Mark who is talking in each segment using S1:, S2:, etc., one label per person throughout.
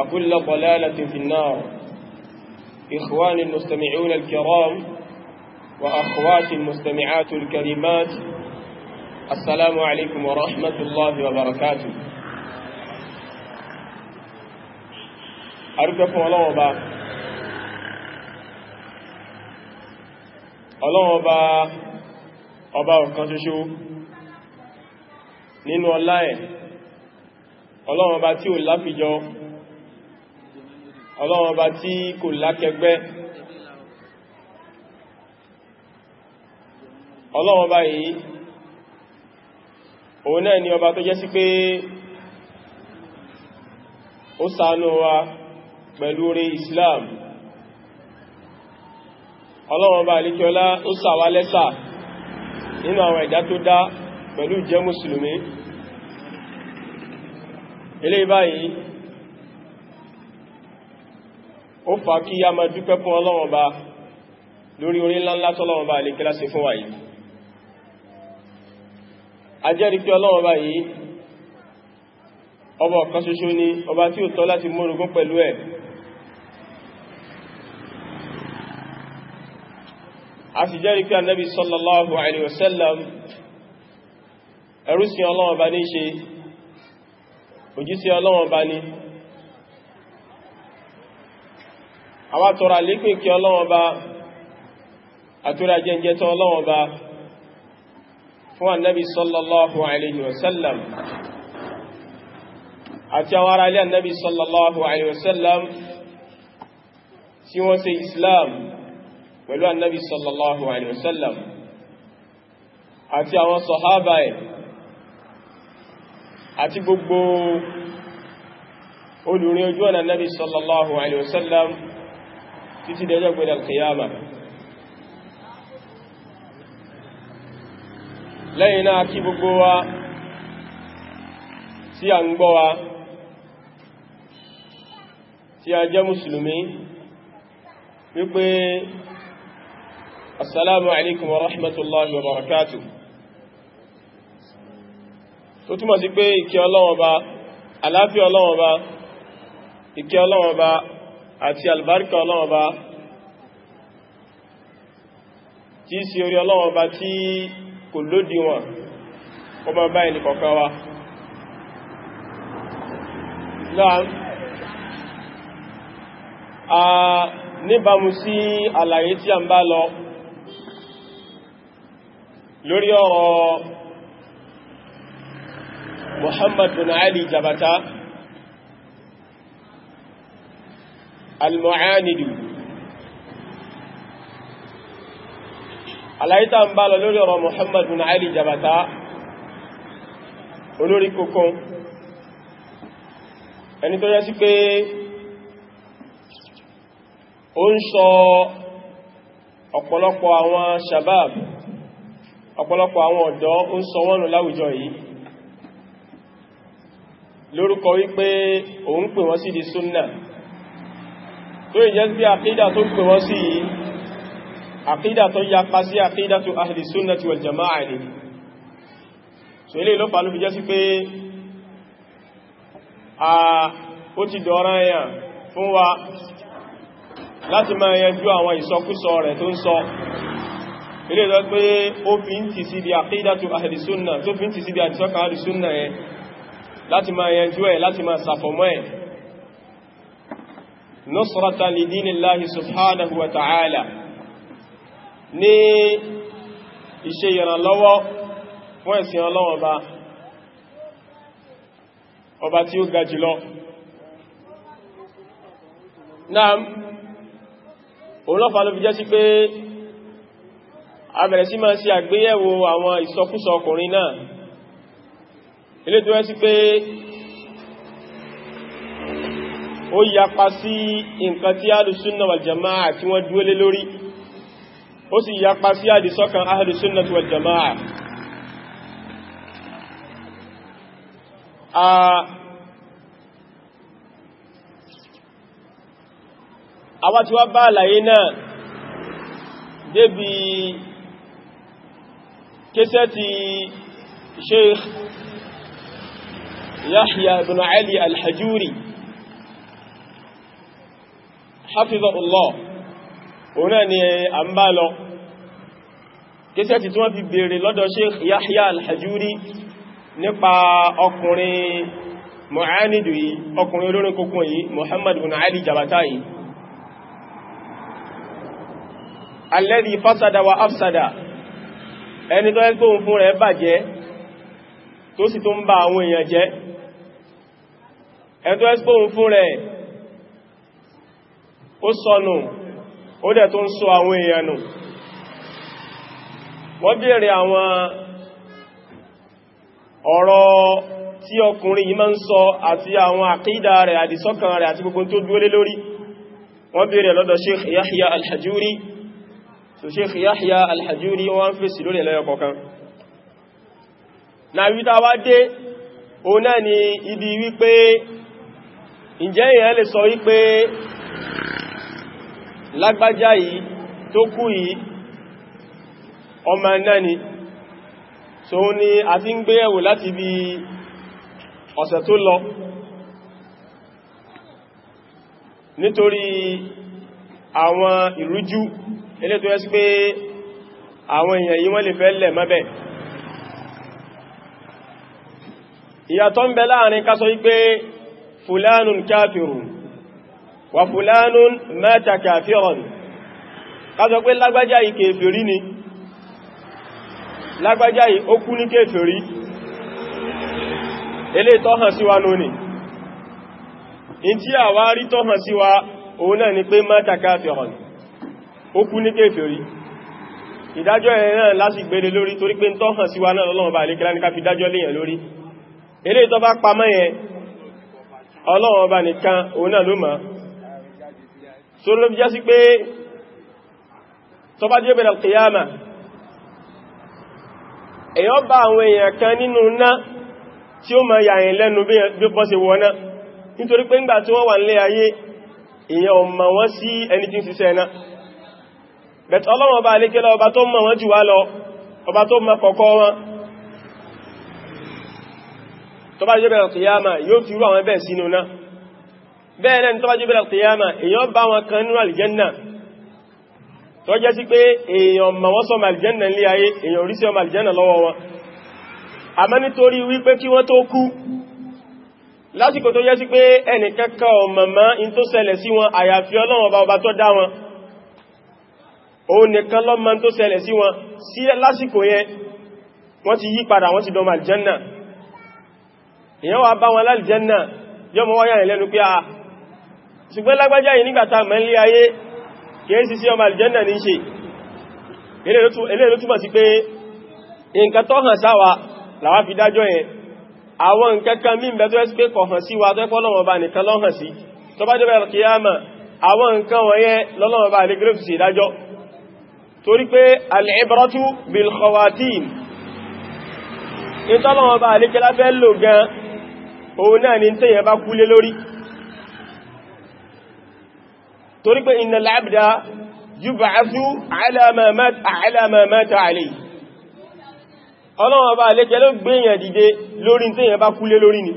S1: وكل ضلالة في النار إخواني المستمعون الكرام وأخواتي المستمعات الكريمات السلام عليكم ورحمة الله وبركاته أرجوكم الله وبا الله وبا ọba ọ̀kan ṣoṣo nínú ọlá ẹ̀ ọlọ́run ọba tí ò ọlọ́run ọba tí kò lákẹgbẹ́ ọlọ́run ọba yìí òun náà ni ọba tó jẹ́ sí pé ó ṣàánú wa pẹ̀lú orí Islam ọlọ́run ọba àlíkíọlá ó ṣàwá lẹ́sà nínú àwọn ẹ̀dá tó dá pẹ̀lú jẹ́ musulmi eléyìí báyìí ó fa kí a máa dúpẹ́ fún Ọlọ́run Ọba lórí orí ńláńlá tọ́lọ́run Ọba lè kílá sí fún wa yìí a jẹ́rí pé Ọlọ́run Ọba yìí ọba ọ̀kan ṣoṣo ni ọba tí ó tọ́ láti mórogún pẹ̀lú ẹ̀ a sì jẹ́rí pé Ànábì sallallahu alaihi wasallam ẹrú sí Ọlọ́run Ọba ní ṣe òjíṣẹ́ Ọlọ́run Ọba ní àwa tọrọ àlékún kí ọlọ́wọ́n bá àtúrà jẹ́jẹ́ tán ọlọ́wọ́n bá fún annabi sallallahu alayhi wa sallam àti àwọn ará ilé annabi sallallahu alayhi wa sallam tí wọ́n ṣe islam pẹ̀lú annabi sallallahu alayhi wa sallam àti àwọn sọ̀hábà ẹ̀ àti gbogbo olùrin ojú ọ̀nà annabi sallallahu alayhi wa sallam títí dẹjọ́ pẹ̀lú alkiyama lẹ́yìn náà kí gbogbo wa tí a ń gbọ́ wa tí a jẹ́ musulmi wípé assalamu alaikum wa rahmatullahi wa barakatuh tó túnmọ̀ sí pé ìkẹ́ Ọlọ́run Ọba aláfíà Ọlọ́run Ọba ìkẹ́ Ọlọ́run Ọba àti albarka ọlọ́ọ̀ba tí í sí orí ọlọ́ọ̀ba tí kò lódi wọn kó máa bá ẹni kọ̀ọ̀kan wa náà níbàmú sí àlàyé tí a ń bá lọ lórí ọ̀rọ̀ Muhammad bin Ali Jabata al-mu'anidu aláyítà ń bá lọ lórí ọ̀rọ̀ Muhammad bin Ali Jabata olórí kókún ẹni tó yẹ sí pé ó ń sọ ọ̀pọ̀lọpọ̀ àwọn shabab ọ̀pọ̀lọpọ̀ àwọn ọ̀dọ́ ó ń sọ wọ́n láwùjọ yìí lórúkọ wípé òun pè wọ́n sí di sunnah tó ìjẹ́ sí àkídà tó pè wọ́n sí yìí àkídà tó yapa sí àkídà tó ahli sunnati wal jama'a ni so ilé ló pàlú fi jẹ́ sí pé a ó ti dọ̀rọ̀ ẹ̀yàn fún wa láti máa yanjú àwọn ìsọkúsọ rẹ̀ tó ń sọ ilé ìjọ pé ó fi ń ti sí àkídà tó ahli sunna tó fi ń ti sí àdìsọ́kà ahli sunna yẹn láti máa yanjú ẹ̀ láti máa sàfọ̀mọ́ ẹ̀ nusratan li dinillahi subhanahu wa ta'ala ní iṣẹ́ ìrànlọ́wọ́ fún ẹ̀sìn ọlọ́wọ́ bá ọba tí ó ga jùlọ náà olọ́fà ló fi jẹ́ sí pé a bẹ̀rẹ̀ sí máa ṣe àgbéyẹ̀wò àwọn ìsọkúsọ ọkùnrin náà ilé tó wẹ́ sí pé ó yapa sí nǹkan tí alùsúnnà wal jama'a tí wọ́n dúó lé lórí ó sì yapa sí àdìsọ́kan alùsúnnà wal jama'a a àwọn tí wọ́n bá àlàyé náà débi kéṣẹ́ ti Sheikh Yahya ibn Ali al-Hajuri al hajuri hafizahullah òun náà ni a ń bá lọ kéṣẹ́ ti tí wọ́n ti bèèrè lọ́dọ̀ Sheikh Yahya al-Hajuri nípa ọkùnrin mọ̀ánídù yìí ọkùnrin olórin kókún yìí Muhammad bin Ali Jabata yìí alladhi fasada wa afsada ẹni tó ẹgbẹ́ òun fún rẹ̀ bàjẹ́ tó sì tó ń ba àwọn èèyàn jẹ́ ẹni tó ẹgbẹ́ òun fún rẹ̀ ó sọnù ó dẹ̀ tó ń sọ àwọn èèyàn nù wọ́n bèèrè àwọn ọ̀rọ̀ tí ọkùnrin yìí máa ń sọ àti àwọn àkídà rẹ̀ àdìsọ́kàn rẹ̀ àti gbogbo tó dúólé lórí wọ́n bèèrè lọ́dọ̀ Sheikh Yahya al na wíta wá dé o náà ni ibi lágbájá yìí tó kú yìí ọmọ náà ni so ni a ti ń gbé ẹ̀wò láti bí ọ̀sẹ̀ tó lọ nítorí àwọn ìrújú ilé tó pé àwọn èèyàn yìí wọ́n lè fẹ́ lẹ̀ mọ́bẹ̀ ìyàtọ̀ ń bẹ láàrin ká sọ wípé fulanun kafirun wà fúlánú mẹ́ta kàfíọ̀n kásọ pé lágbájá yìí kèfèrí ni lágbájá yìí ó kú ní kèfèrí ilé tọ́hàn síwá lónìí in tí a wá rí tọ́hàn síwá òun náà ni pé mẹ́ta kàfíọ̀n ó kú ní kèfèrí ìdájọ́ ẹ̀ náà lásì gbére lórí torí pé tọ́hàn síwá náà lọ́lọ́wọ́ bá àlékẹ́lá nìkan òun náà ló máa so ló jẹ́ sí pé tó bá jẹ́ bẹ̀rẹ̀ kìyàmà èyàn bá àwọn èèyàn kan nínú ná tí ó ma yàyìn lẹ́nu bí bọ́ sí wọ́n náà nítorí pé ńgbà tí wọ́n wà nílé ayé èèyàn ò mọ̀ wọ́n sí ẹni tí ń ṣiṣẹ́ náà bẹ̀t Ọlọ́run bá bẹ́ẹ̀ náà tó bá jẹ́ bẹ́ẹ̀ kìyàmà èyàn bá wọn kan nínú àlìjẹ́nà tó jẹ́ sí pé èyàn ma wọ́n sọ màlìjẹ́nà ní ayé èyàn orí sí ọmọ àlìjẹ́nà lọ́wọ́ wọn àmọ́ nítorí wípé kí wọ́n tó kú lásìkò tó jẹ́ sí pé ẹnì kankan ọmọmọ́ in tó ṣẹlẹ̀ sí wọn àyàfi Ọlọ́run ọba ọba tó dá ìlẹ́nu pé a ah, ṣùgbọ́n lágbájá yìí nígbàtà mẹ́lẹ́ ayé kìí sí sí ọmọ aljanna ní ṣe eléèrè túnmọ̀ sí pé nǹkan tó hàn sáwà làwá fi dájọ́ yẹn àwọn nǹkan kan mí bẹ́ tó ẹ́ sí pé kọ̀ hàn sí wa tó ẹ́pọ́ lọ́wọ́ bá nìkan lọ́hàn sí fẹ́ lò gan òun náà ni tẹ́yẹ bá kúlé lórí torí pé innal abda yub'athu ala ma mata alayhi ọlọ́wọ́ bá lẹ́kẹ́ ló gbéyàn dìde lórí tí èyàn bá kúlé lórí ni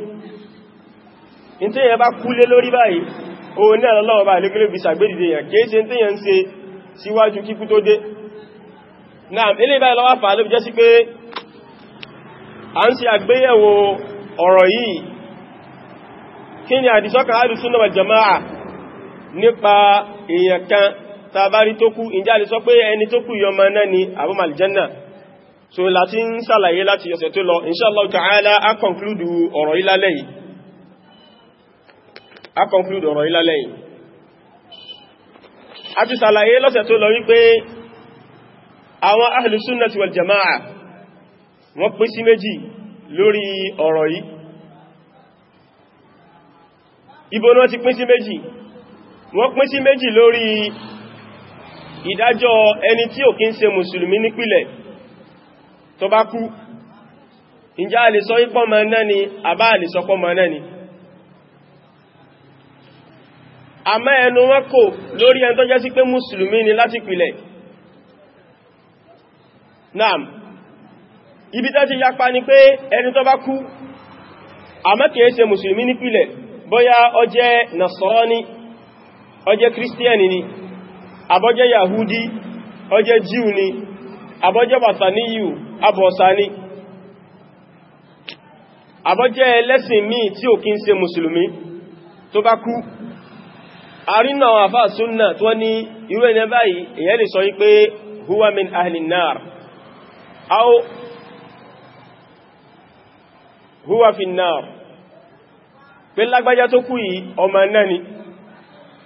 S1: tí èyàn bá kúlé lórí báyìí o ní ọlọ́wọ́ bá lẹ́kẹ́ ló bí sàgbédìde yàn kìí ṣe tí èyàn ń ṣe síwájú kíkú tó dé náà ilé báyìí lọ́wọ́ fà ló nípa èèyàn kan tàbárí tó kú ìjá lè sọ pé ẹni tó kú yọmọ náà ni àbúmà aljanna so láti ń sàlàyé láti ọ̀sẹ̀ tó lọ inshallah ta'ala a conclude ọ̀rọ̀ ìlálẹ̀ yìí a conclude ọ̀rọ̀ ìlálẹ̀ yìí a ti sàlàyé lọ́sẹ̀ tó lọ jama'a wọ́n pín sí méjì lórí ọ̀rọ̀ yìí ibo náà ti pín sí méjì wọ́n pín sí méjì lórí ìdájọ́ ẹni tí ò kí ń mùsùlùmí nípìlẹ̀ tó bá kú ǹjẹ́ a lè sọ ipọ́ ma náà ni àbá a lè sọ pọ́ ma náà ni àmọ́ ẹnu wọn kò lórí ẹni tó jẹ́ sí pé mùsùlùmí ni láti pìlẹ̀ naam ibi tó ti yapa ni pé ẹni tó bá kú àmọ́ kìí ṣe mùsùlùmí nípìlẹ̀ bóyá ó jẹ́ Nasrani ó jẹ́ kírísítíẹ̀nì ni àbọ́jẹ́ yahudi ó jẹ́ jíù ni àbọ́jẹ́ bàtàníyù abọ̀ọ̀sá ni àbọ́jẹ́ ẹlẹ́sìn míì tí ò kí ń ṣe mùsùlùmí tó bá kú àrínà àfà tó ní irú ẹni báyìí èyẹ́ lè sọ wípé huwa min ahlin nar aw huwa fin nar pé lágbájá tó kú yìí ọmọ náà ni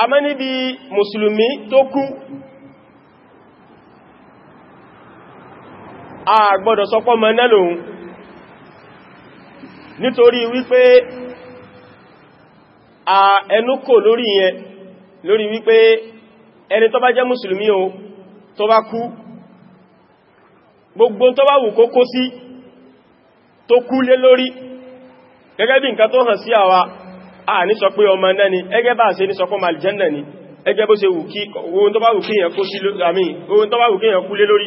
S1: àmọ́ níbi mùsùlùmí tó kú a gbọ́dọ̀ sọpọ́ mọ́ náà lòun nítorí wípé a ẹnúkò lórí yẹn lórí wípé ẹni tó bá jẹ́ mùsùlùmí o tó bá kú gbogbo tó bá wù kó kó sí tó kú lé lórí gẹ́gẹ́ bí nǹkan tó hàn sí àwa a ní sọ pé ọmọ náà ni ẹgẹ́ bá ṣe ní sọpọ̀ màlìjẹ́nà ni ẹgẹ́ bó ṣe wù kí ohun tó bá wù kíyàn kú lé lórí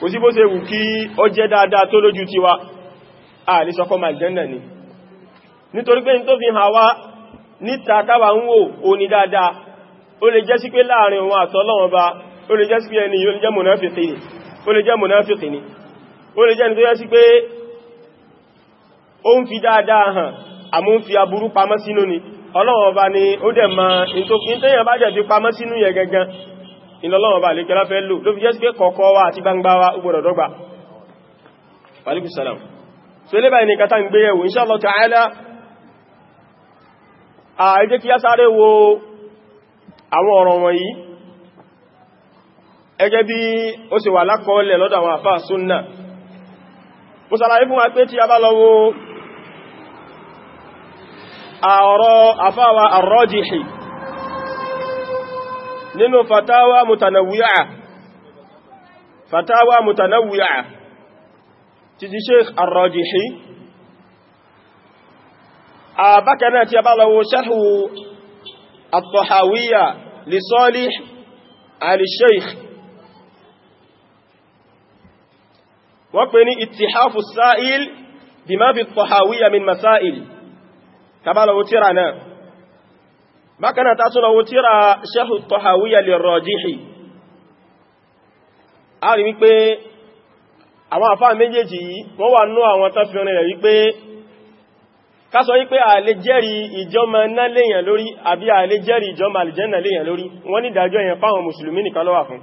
S1: kò sí bó ṣe wù kí ó jẹ́ dáadáa tó lójú ti wa a ní sọpọ̀ màlìjẹ́nà ni nítorí pé tó fi hàn wá níta táwa ń wò ó ní dáadáa ó lè jẹ́ sí pé láàrin òun àtọ́lọ́wọ́n ó lè jẹ́ sí pé ni ó lè jẹ́ mùnáfìkì ni ó lè jẹ́ ní tó yẹ́ àmú ń fi aburú pamọ́ sínú ni ọlọ́wọ́ bá ní ó dẹ̀ ma ìtẹ́yàn bá jẹ̀ fi pamọ́ sínú yẹ gẹ́gẹ́ ìlọ́lọ́wọ́ lè kẹ́lá fẹ́ lò ló fi jẹ́ pé kọ̀ọ̀kọ́ wa àti gbangba wa ó gbọ́dọ̀ dọ́gba Alaikum salam so ilé báyìí ta'ala a ẹjẹ́ kí a sáré wo àwọn ọ̀rọ̀ wọ̀nyí ẹgẹ́ bí ó sì wà lákọọ́lẹ̀ lọ́dọ̀ àwọn mo sàlàyé fún wa pé tí a bá lọ wo àrọ àfáwà àrọ́jìhì nínú fatawa mutanawwi'a fatawa mutanawwi'a títí sheikh àrọ́jìhì àbákanáà tí a bá lọ́wọ́ sharhu àtọ̀hàwíyà li Salih al-Sheikh wọ́n pè ní ìtìháfù sáìl bí má fi tọ̀hàwíyà min masáìlì tabalawo tírà náà bákanáà ta tún lọ́wọ́ tírà Sheikh Tahawiyya lirrajihi a rí wípé àwọn àfáà méjèèjì yìí wọ́n wà ní àwọn tán fi rìn rẹ̀ wípé ká sọ wípé a lè jẹ́rì ìjọmọ ná léyàn lórí àbí a lè jẹ́rì ìjọmọ àlìjẹ́nà léyàn lórí wọ́n ní ìdájọ́ yẹn fáwọn mùsùlùmí nìkan ló wà fún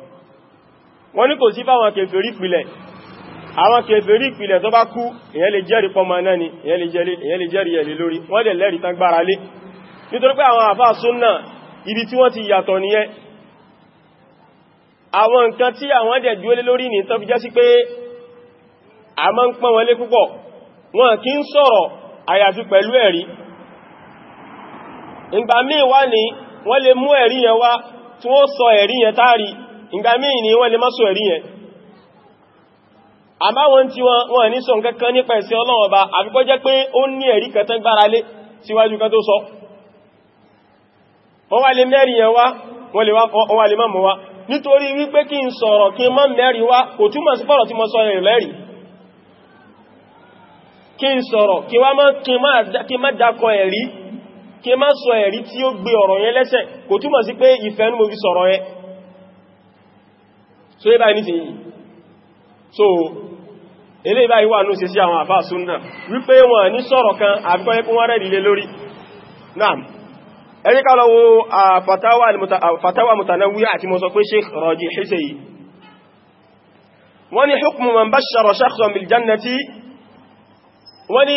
S1: wọ́n ní kò sí fáwọn kèfèrí pìlẹ̀ àwọn kèfèrí ìpìlẹ̀ tó bá kú èyàn lè jẹ́rìí pọmọ náà ni èyàn lè jẹ́rìí ẹ̀lẹ́ lórí wọ́n dẹ̀ lẹ́rìí tán gbára lé nítorí pé àwọn àfáà súnnà ibi tí wọ́n ti yàtọ̀ nìyẹn àwọn nǹkan tí àwọn dẹ̀ dúólé lórí ní tán fi jẹ́ sí pé a máa ń pọ́n wọn lé púpọ̀ wọn kì ń sọ̀rọ̀ àyàfi pẹ̀lú ẹ̀rí ìgbà míì wá ní wọ́n lè mú ẹ̀rí yẹn wá tí wọ́n sọ ẹ̀rí yẹn táàrí ìgbà míì ní wọ́n lè má ẹ̀rí yẹn àmáwọn tí wọ́n ní sọ nǹkankan nípa ẹ̀sìn Ọlọ́run Ọba àfikọ́ jẹ́ pé ó ní ẹ̀rí kẹtẹ́ gbáralé síwájú kan tó sọ wọ́n wà lè mẹ́rin yẹn wá wọ́n wà lè mọ́mọ̀ wá nítorí wípé kí n sọ̀rọ̀ kí n mọ́ mẹ́rin wá kò túmọ̀ sí fọ́rọ̀ tí mo sọ rẹ̀ lẹ́rìí kí n sọ̀rọ̀ kí wá mọ́ kí má dákọ ẹ̀rí kí má sọ ẹ̀rí tí ó gbé ọ̀rọ̀ yẹn lẹ́sẹ̀ kò túmọ̀ sí pé ìfẹ́ so ilé ìbáyìí wà lóṣe sí àwọn àfáà súnnà wípé wọn ní sọ̀rọ̀ kan àbíkọ́ ẹkùn wọ́n rẹ̀dìlé lórí náà ẹ jẹ́ ká lọ wo fatawa mutanawwiya àti mọ́ sọ pé Sheikh Raji Hisayi wọ́n ní hukmu man bashara shakhsan bil jannati wọ́n ní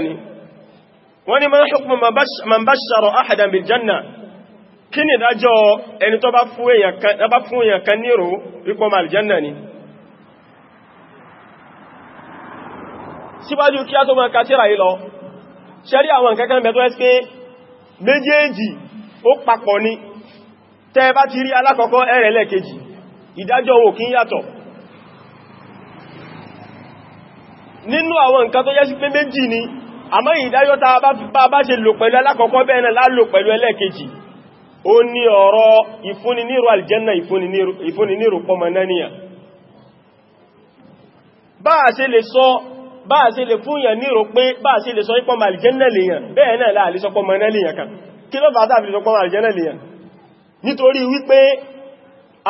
S1: ni wọ́n man hukmu man bashara kí ni ìdájọ́ ẹni tó bá fún èèyàn kan nírò wípọ́ ma aljanna ni síwájú kí a tó máa kàtírà yìí lọ ṣẹ́rí àwọn kankan bẹ̀ tó ẹ́ pé méjèèjì ó papọ̀ ni tẹ́ bá ti rí alákọ̀ọ́kọ́ ẹ̀rẹ̀ lẹ́ẹ̀kejì ìdájọ́ wò kí yàtọ̀ nínú àwọn nǹkan tó yẹ sí pé méjì ni àmọ́ ìdájọ́ ta bá ṣe lò pẹ̀lú alákọ̀ọ́kọ́ bẹ́ẹ̀ náà lálò pẹ̀lú ẹlẹ́ẹ̀kejì ó ní ọ̀rọ̀ ìfúnninírò aljanna ìfúnninírò pọmọ̀náníyà bá a ṣe lè sọ bá a ṣe lè fúnyàn nírò pé bá a ṣe lè sọ ipọmọ aljanna lèyàn bẹ́ẹ̀ náà láà lè sọ pọmọ̀náníyà kan kí ló fàtà fi sọ pọmọ aljanna lèyàn nítorí wípé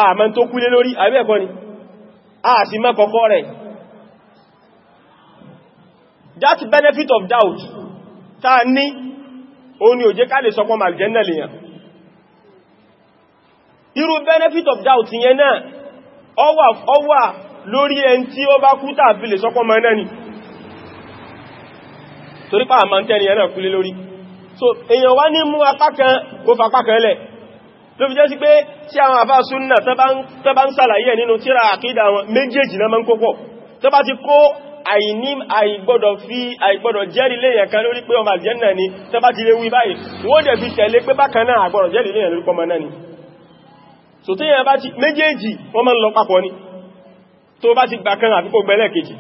S1: àmọ́ tó kúlé lórí àbẹ́ẹ̀kọ́ ni a sì mọ́ kọ̀kọ́ rẹ̀ that benefit of doubt ta ní o ni ò jẹ́ ká lè sọ pọmọ aljanna lèyàn irú benefit of doubt yẹn náà ọwà ọwà lórí ẹn tí ó bá kú tàbí lè sọ́pọ̀ mọ́ náà ni torí pàà máa ń tẹ́ni ẹ̀nà kúlé lórí so èyàn wá ní mú apá kan ó fa apá kan lẹ̀ ló fi jẹ́ sí pé tí àwọn àbá súnnà tó bá ń sàlàyé nínú tíra àkídà wọn méjèèjì náà máa ń kópọ̀ tó bá ti kó àìní àìgbọ́dọ̀ fi àìgbọ́dọ̀ jẹ́rìí léyàn kan lórí pé ọmọ àjẹ́ náà ni tó bá ti lè wí báyìí wọ́n dẹ̀ fi tẹ̀lé pé bákan náà àgbọ́dọ̀ jẹ́rìí léyàn lórí pọ́mọ náà ni so tí yẹn bá ti méjèèjì wọ́n máa ń lọ papọ̀ ni tó bá ti gbà kan àfi kó gbẹ́lẹ̀ kejì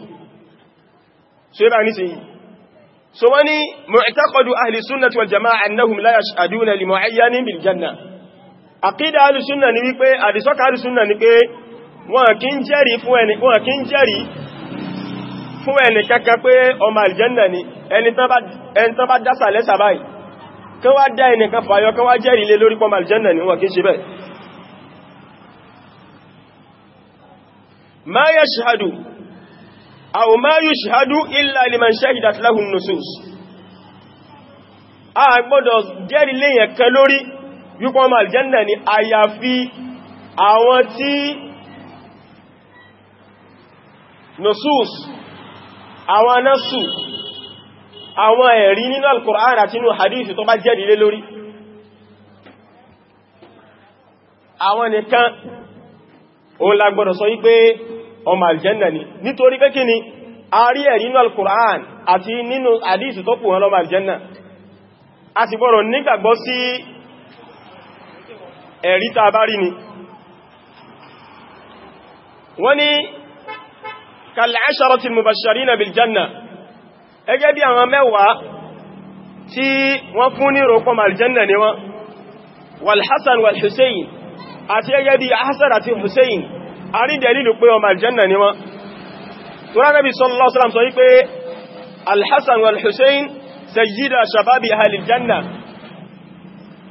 S1: so yẹ́ bá ní sin so wọ́n ni mu'taqadu ahli sunnati wal jama'a annahum la yash'aduna li mu'ayyanin bil janna aqida ahli sunna ni wípé àdìsọ́kà ahli sunna ni pé wọ́n kì ń jẹ́rì fún ẹni wọ́n kì tán bá dásà lẹ́sà báyìí wá dá ẹnìkan fàyọ kan wá jẹ́rì lé lórí pọ́mọ aljanna ni wọ́n kì ṣe bẹ́ẹ̀ ما يشهد أو ما يشهد إلا لمن شهدت له النصوص a gbọ́dọ̀ jẹ́rì léyàn kan lórí wípọ́ ọmọ aljanna ni àyàfi àwọn tí nusus àwọn nasu àwọn ẹ̀rí nínú al-Qur'an àti nínú hadith tó bá jẹ́rì lé àwọn nìkan o la gbọ́dọ̀ sọ wípé ọmọ aljanna ni nítorí pé kíni a rí ẹ̀rí nínú al-Qur'an àti nínú hadith tó pò wọn lọ́mọ aljanna a sì gbọ́rọ̀ nígbàgbọ́ sí ẹ̀rí tá a bá ni wọ́n ní kal-asharatil mubashsharina bil ẹgẹ́ bí àwọn mẹ́wàá tí wọ́n fún ní rọ̀pọ̀ aljanna ni wọ́n wal Hasan wal Hussein àti ẹgẹ́ bí Hasan àti Hussein a rí dẹ̀lìlù pé ọmọ aljanna ni wọ́n tura nabi sallallahu alaihi wasallam sọ wípé alhassan wal hussein sayyida shababi ahalil janna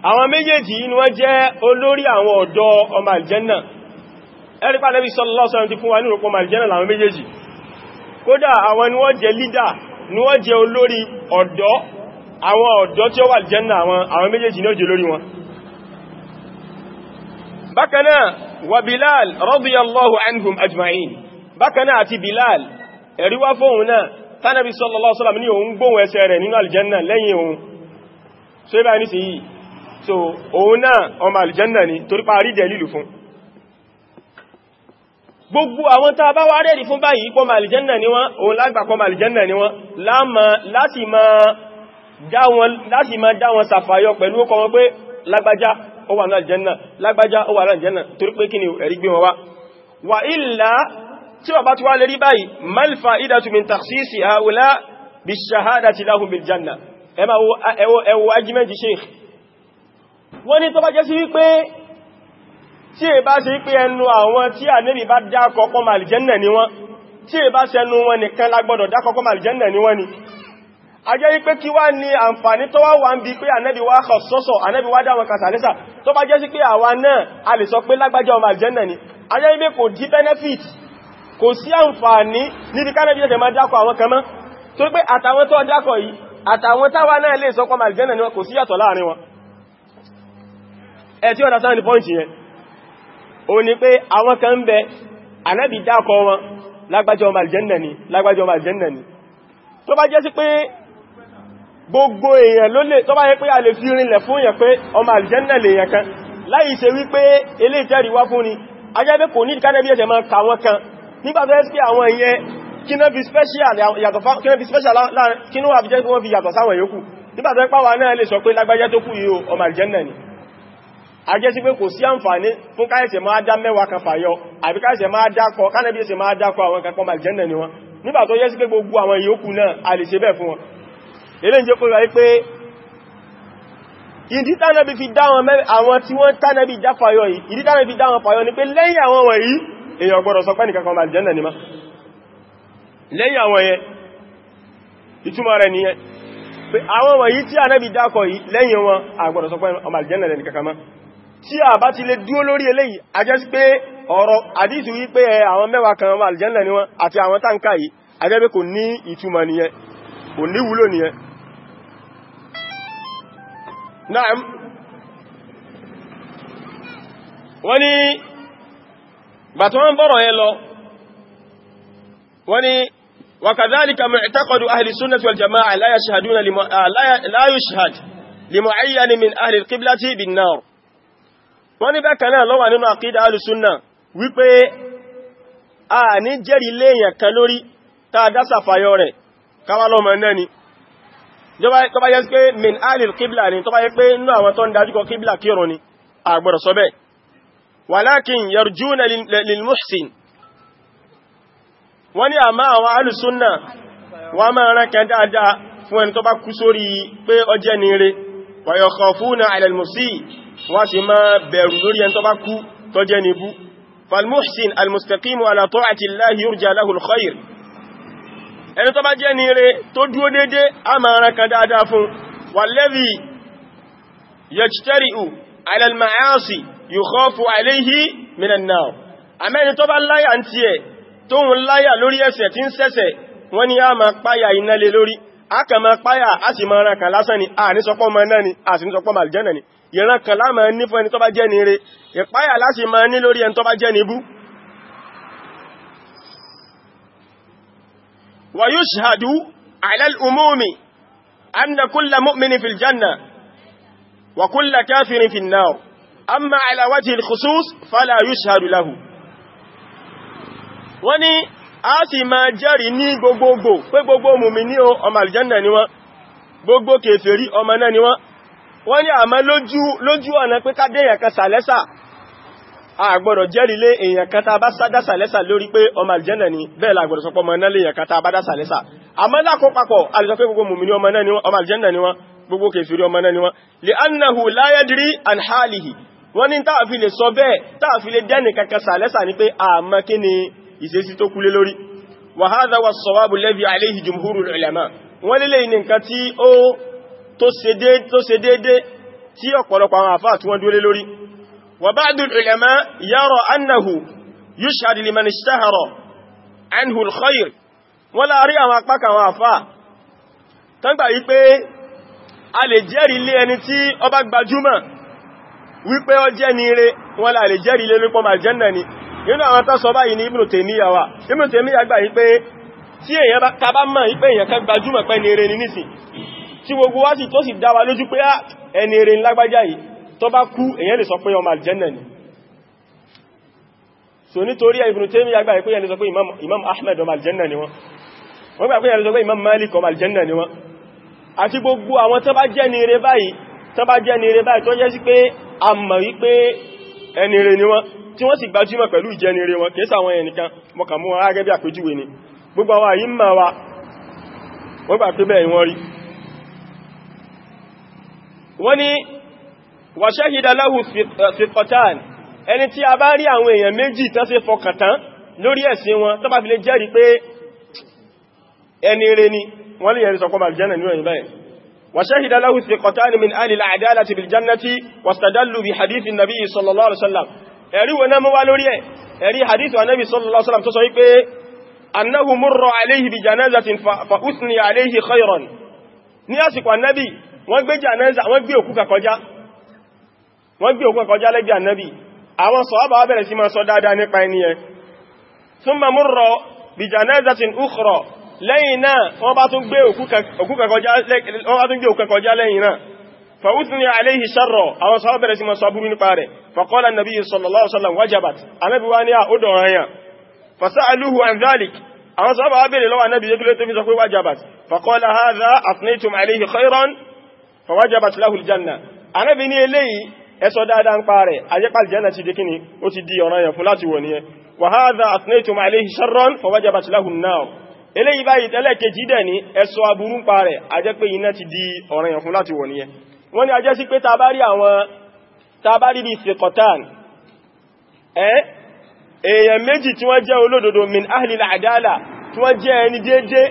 S1: àwọn méjèèjì inú wọ́n jẹ́ olórí àwọn ọ̀dọ́ ọmọ aljanna ẹ̀rípa nabi sallallahu alaihi wasallam ti fún wa nírò pọ̀ ọmọ aljanna wọn bákanáà wa bilal radiyallahu anhum ajma'in bákanáà àti bilal ẹ̀rí wá fóhun náà tánàbí sallallahu alaihi wasallam ní òun gbóhun ẹsẹ̀ rẹ̀ nínú aljanna lẹ́yìn òun so ibá ní sí yìí so òun náà ọmọ aljanna ni torí parí dẹ̀lìlù fún gbogbo àwọn tàà bá wá rẹ̀rí fún báyìí pọ́ màlìjẹ́nà ni wọ́n òun lágbà pọ́ màlìjẹ́nà ni wọ́n láti máa dá wọn ṣàfàyọ pẹ̀lú ọkọ̀ wọn pé lágbàjá ó wà náà jẹ́nà lágbájá ó wà náà jẹ́nà torí pé kí ni ẹ̀rí gbé wọn wá wà ìlà tí bàbá tí wá lè rí báyìí malfa idatu min taksisi haula bi shahadati lahum bil janna ẹ ma wo ẹwọ ajímẹ́jì sheikh wọ́n ní tó bá jẹ́ sí wípé tí è bá ṣe wípé ẹnu àwọn tí ànábì bá bá dákọ̀ọ́kọ́ ajẹ́ wípé kí wá ní àǹfàní tó wá wà ń bí pé ànẹ́bí wá kọ̀ sọ́sọ̀ ànẹ́bí wá dáwọn kàtàlẹ́sà tó bá jẹ́ sí pé àwa náà a lè sọ pé lágbàjá ọmọ àjẹ́nà ni ajẹ́ wípé kò dí benefit kò sí àǹfàní níbi kánẹ́bí tẹ̀tẹ̀ máa dákọ̀ àwọn kan mọ́ tó pé àtàwọn tó dákọ̀ yìí àtàwọn táwa náà lè ni wọn kò sí yàtọ̀ láàrin wọn ẹ tí ọ̀dá sáà ní pọ́ǹtì yẹn ó ní pé àwọn kan ń bẹ ànẹ́bí dákọ̀ wọn lágbàjá ọmọ àjẹ́nà ni lágbàjá ọmọ àjẹ́nà ni tó bá jẹ́ sí pé gbogbo èèyàn ló lè tó bá yẹ pé a lè fi rinlẹ̀ fún èèyàn pé ọmọ àlìjẹ́nà lè yẹn kan láì ṣe wípé ilé ìjẹ́rì fún ni ajẹ́bẹ́ kò ní ìkádẹ́bí ẹ̀ṣẹ̀ máa kà wọ́n kan nígbàtẹ́ sí àwọn ìyẹn kí náà fi special kí náà fi jẹ́ kí ni a jẹ́ sí pé kò sí àǹfààní fún káyẹ̀sẹ̀ máa dá mẹ́wàá kan fàyọ àbí káyẹ̀sẹ̀ máa dákọ̀ kánẹ́bí ẹ̀sẹ̀ máa dákọ̀ àwọn kankan ni wọn nígbà tó yẹ́ sí pé gbogbo àwọn yòókù náà a lè ṣe bẹ́ẹ̀ fún wọn ilé ìjẹ́ kó ráyí pé ìdí tánàbí fi dáwọn àwọn tí wọ́n tánàbí já fayọ yìí ìdí tánàbí dáwọn fayọ ni pé lẹ́yìn àwọn wọ̀nyí èyàn gbọ́dọ̀ sọ pé nìkankan máa jẹ́ nìma lẹ́yìn àwọn yẹn ìtumọ̀ rẹ̀ nìyẹn pé àwọn wọ̀nyí tí ànábì dákọ̀ yìí lẹ́yìn wọn àgbọ̀dọ̀ sọ pé ọmọ àlìjẹ́nà rẹ̀ nìkankan máa tí a bá ti lè dúó lórí eléyìí a jẹ́ sí pé ọ̀rọ̀ àdísù wípé àwọn mẹ́wàá kan ọmọ àlìjẹ́nà ni wọn àti àwọn táǹkà yìí a kò ní ìtumọ̀ nìyẹn kò ní wúlò nìyẹn na'am wọ́n ni bàtí wọ́n bọ́rọ̀ yẹ lọ wọ́n ni وكذلك معتقد أهل السنة والجماعة لا يشهدون لم... لا يشهد لمعين من أهل القبلة بالنار wọ́n ní bẹ́ẹ̀ kan náà ló wà nínú àkídà alùsúnnà wípé a ní jẹ́rìí léèyàn kan lórí tàà dásàfàyọ rẹ̀ káwàlọ́mọ̀ náà ni tó bá yẹ pé min alil kíblà ni tó bá yẹ pé inú àwọn tó ń dájúkọ kíblà kírun ni àgbọ̀rọ̀ sọ bẹ́ẹ̀ walakin yarjuna lil muhsin wọ́n ní àmá àwọn alùsúnnà wọ́n máa rán kẹ dáadáa fún ẹni tó bá kú sórí pé ọjẹ́ ni rẹ̀ wa ẹni tó bá jẹ́ ní ire tó dúó dédé a máa rán kan dáadáa fún wàlẹ́bí yẹ̀tẹ̀ríù alẹ́lmáyásì yùkọ́fù aléhì mìnàná àmẹ́ni tó bá láyà ń tiẹ̀ tó ń láyà lórí ẹsẹ̀ tí ń sẹ́sẹ̀ wọ́n ni a máa páyà iná lé lórí a kà máa páyà a sì máa rán kan lásán ni a ní sọpọ́ ma náà ni a sì ní sọpọ́ ma àlìjánà ni ìran kan láàmà ní fún ẹni tó bá jẹ́ ní ire ìpáyà láti máa ní lórí ẹni tó bá jẹ́ ní ibú ويشهدوا على الأموم أن كل مؤمن في الجنة وكل كافر في النار أما على وجه الخصوص فلا يشهد له وني آسي ما جاري ني غوغوغو فغوغو مؤمني او أما الجنة نيوا غوغو كافري أما نانيوا wọ́n ní àmọ́ lójú lójú pé ká dẹ̀yàn kan sàlẹ́sà a gbọ́dọ̀ jẹ́rìí lé èèyàn kan tá a bá dásà lẹ́sà lórí pé ọmọ àlìjẹ́nà ni bẹ́ẹ̀ la gbọ́dọ̀ sọ pé ọmọ náà lè èèyàn kan tá a bá dásà lẹ́sà àmọ́ lákó papọ̀ a la yadri an halihi wọ́n ní táà fi lè sọ ni pé àmọ́ kí ni ìṣesí tó wa hadha wa sawabu jumhurul ulama wọ́n lélẹ̀ ní nǹkan tí ó tó ṣe déédé tí ọ̀pọ̀lọpọ̀ àwọn àfáà tí wọ́n dúró lé lórí وبعض العلماء يرى أنه يشهد لمن اشتهر عنه الخير ولا رئى ما أقبك وافا تنبع يقول alè jẹ́rìí lé ẹni tí ó bá gbajúmọ̀ wípé ó jẹ́ ní ire wọn là lè jẹ́rìí lé nípa màjẹ́nà ni nínú àwọn tó sọ báyìí ní Ibnu Taymiyyah wà Ibnu Taymiyyah gbà wípé tí èyàn bá tàbá mọ̀ wípé èyàn kan gbajúmọ̀ pé ní ire ni nísìn tí gbogbo wá sì tó sì dá lójú pé ẹni ire lágbájá yìí tó bá kú èyàn lè sọ pé ọmọ aljanna ni so nítorí Ibn Taymiyyah gbà pé èyàn lè sọ pé Imam Ahmed ọmọ aljanna ni wọ́n wọ́n gbà pé èyàn lè sọ pé Imam Malik ọmọ aljanna ni wọ́n àti gbogbo àwọn tó bá jẹ́ ní ire báyìí tó bá jẹ́ ní ire báyìí tó jẹ́ sí pé a mọ̀ wípé ẹni ni wọ́n tí wọ́n sì gbajúmọ̀ pẹ̀lú ìjẹnire wọn kìí ni gbogbo wa wọ́n gbà pé bẹ́ẹ̀ wọ́n wa shahida lahu fiqatan eh, ẹni tí a bá rí àwọn èèyàn méjì tán ṣe fọkàntán lórí ẹ̀sìn wọn tó bá fi lè jẹ́rìí pé ẹni rẹ̀ ni wọ́n lè yẹ̀rí sọkọ́ bàbìjánà ní ọ̀yìnbáyẹ̀ wa shahida wọ́n gbé janaza wọ́n gbé òkú kakọjá wọ́n gbé òkun kọjá lẹ́gbẹ̀ ànábì àwọn sọ̀hábà wá bẹ̀rẹ̀ sí máa sọ dáadáa nípa ẹni yẹn thumma murra bi janazatin ukhra lẹ́yìn náà wọ́n bá tún gbé òkun kọjá lẹ́yìn náà fa uthniya alayhi sharra àwọn sọ̀hábà bẹ̀rẹ̀ wá bèèrè lọ́wọ́ ànábì yẹ́kúlé tó fi sọ pé wajabat fa qala hadha athnaytum alayhi khayran fa wajabat lahu ní eléyìí ẹsọ dáadáa ń pa rẹ̀ ajẹ́pàá jẹ́nà ti dikini ó ti di ọ̀ranyàn fún láti wọ̀ níyẹn wa hadha athnaytum alayhi sharran fawajabat lahu an-nar eléyìí báyìí tẹ́lẹ̀ kejì fún láti wọ̀ níyẹn wọ́n ni ajẹ́ sí tabari àwọn tabari bí siqatan ẹ́ èèyàn méjì tí wọ́n jẹ́ olódodo min adala tí wọ́n jẹ́ ẹni déédé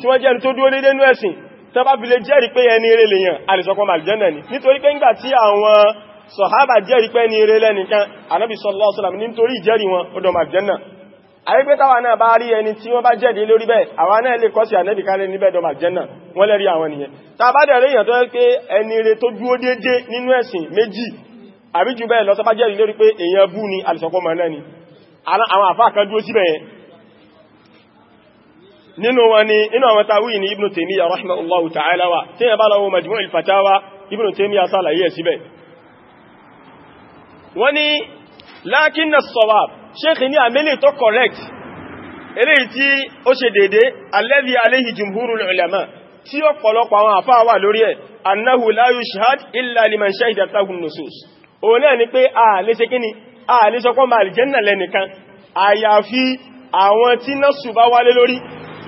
S1: tí wọ́n jẹ́ ẹni tó dúró déédé nú ẹ̀sìn tọ́bá fi ni nítorí pé ńgbà sọ̀hábà jẹ́rìí pé ní eré lẹ́nìkan anábì sallallahu alaihi wasallam nítorí ìjẹ́rìí wọn ó dọ̀mà jẹ́nà àyípé táwa náà bá rí ẹni tí wọ́n bá jẹ́dì lórí bẹ́ẹ̀ àwa náà lè kọ́sí ànẹ́bì kálẹ̀ níbẹ̀ dọ̀mà jẹ́nà wọ́n lẹ́rí àwọn ènìyàn tá bá dẹ̀ ríyàn tó yẹ pé ẹni rẹ tó dúó dédé nínú ẹ̀sìn méjì àbí jù bẹ́ẹ̀ lọ́sọ́ bá jẹ́rì lórí pé èèyàn bú ni alìsọ́kọ́mọ náà ni àwọn àfáà kan dúó síbẹ̀ yẹn nínú wọn ni inú àwọn tawí ni ibnu tèmíyà rahimahullahu ta'ala wa tí yẹn bá lọ wo majmu' al-fatawa ibnu tèmíyà sàlàyé síbẹ̀ wọ́n ní lákínà sọ̀wàb ṣéèkì ní àmìlì tó correct eléyìí tí ó ṣe dédé alẹ́bí aléhì jùmhúrùn ulama tí ọ̀pọ̀lọpọ̀ àwọn àfáà wà lórí ẹ̀ annahu la yushhad illa liman shahida tahun nusus òun náà ni pé a lè ṣe kíni a lè sọpọ̀ ma aljanna lẹ́nìkan àyàfi àwọn tí nọ́sù bá wálé lórí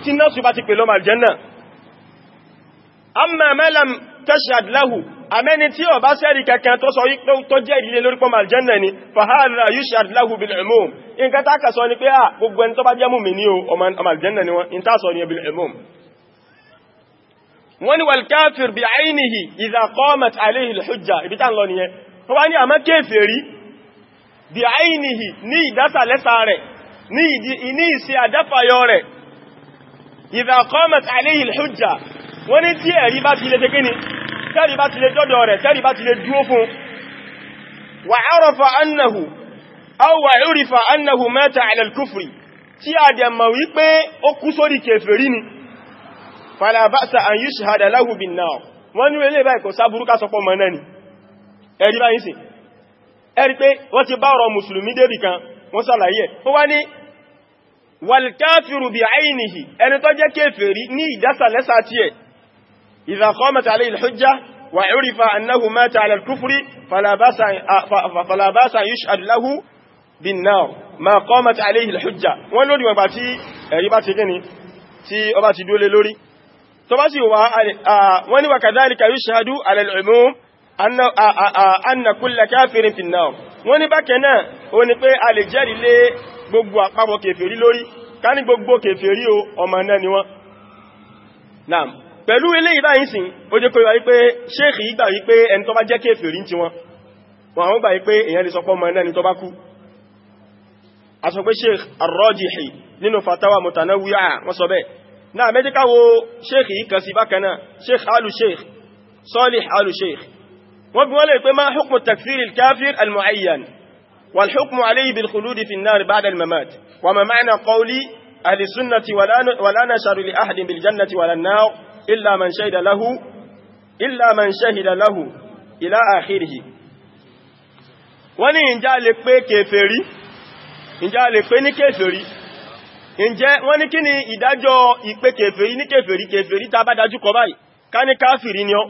S1: tí nọ́sù bá ti pè lọ ma aljanna tashhad lahu amẹ́ni tí ó bá sẹ́rí kankan tó sọ tó jẹ́ ìdílé lórí pọ́mà aljanna ni fahadra yushad lahu bil'umum nǹkan tá kà sọ ni pé à ah, gbogbo ẹni tó bá jẹ́ mùmínì o ọmọ aljanna ni wọ́n in tá sọ ni bil'umum wọ́n ni wal kafir bi ainihi idha qamat alayhi al-hujja ibi tá ń lọ nìyẹn wọ́n wá ní àmọ́ kéfèrí bi ainihi ní ìdásàlẹ́sà rẹ̀ ní ìsí àdáfàyọ rẹ̀ idha qamat alayhi al-hujja wọ́n ní tí ẹ̀rí bá ti lè ṣe kíni tẹ́rí bá ti lè dọ́dọ̀ rẹ̀ tẹ́rí bá ti lè dúó fún wà árafa annahu aw wà urifa annahu mata ala al-kufri tí a dẹ̀ mọ̀ wípé ó kú sórí kèfèrí ni fala ba'sa an yushhada lahu bin nar wọ́n ẹni tó jẹ́ kèfèrí ní ìdásàlẹ́sà tí ẹ̀ إذا قامت عليه الحجة وعرف أنه مات على الكفر فلا باس فلا باس يشهد له بالنار ما قامت عليه الحجة wọ́n lórí wọn bá tí ẹ̀rí bá ti gẹ́ni tí ó bá ti dúó lé lórí tó bá sì wọ́n ni وكذلك يشهد على العموم أن كل كافر في النار wọ́n ní bákẹ̀ náà o ní pé a lè jẹ́rìí lé gbogbo àpapọ̀ kèfèrí lórí ká ní gbogbo kèfèrí o ọmọ náà ni wọ́n pẹ̀lú ilé ìbáyìí sí ó jẹ́ kó yíwa wípé ṣéèkì ìgbà wípé ẹni tó bá jẹ́ kèfèrí tí wọn wọn àwọn gbà wípé èyàn lè sọpọ̀ mọ̀ ẹni tó bá kú a sọ pé Sheikh Ar-Rajihi nínú fatawa mutanawwi'a wọ́n sọ bẹ́ẹ̀ náà mẹ́jíká wo ṣéèkì ìkan sí bákanáà Sheikh alu Sheikh Salih alu Sheikh wọ́n bí wọ́n lè pé إلا من شهد له إلا من شهد له إلى آخره wọ́n ní ìjá lè pé kèfèrí ìjá lè pé ní kèfèrí ìjẹ́ wọ́n ní kí ni ìdájọ́ ìpé kèfèrí ní kèfèrí kèfèrí tá bá dájú kọ báyìí ká ní káfìrí ni ọ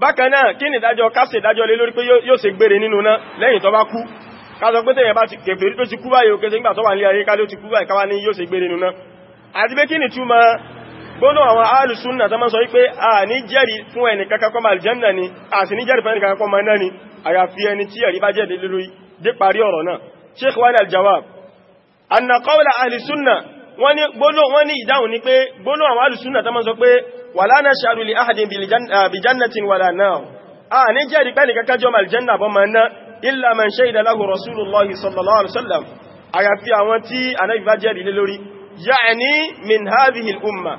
S1: bákan náà kí ni ìdájọ́ káṣẹ̀ ìdájọ́ lé lórí pé yóò ṣe gbére nínú náà lẹ́yìn tó bá kú kásọ pé tẹ́yẹ ti kèfèrí tó ti kú báyìí òkèsè nígbà tó wà ní ayé ká ti kú báyìí káwá ní yóò ṣe gbére nínú náà àti pé kí ni gbónú àwọn alùsúnnà tó máa sọ wípé a ní jẹ́rì fún ẹni kankan kó máa aljanna ni a sì ní jẹ́rì fún ẹni kankan kó máa náà ni àyàfi ẹni tí ẹ̀rí bá jẹ́ lórí dé parí ọ̀rọ̀ náà sheikh àyàfi àwọn tí ànábì bá jẹ́rì lé lórí ya'ni min hadhihi umma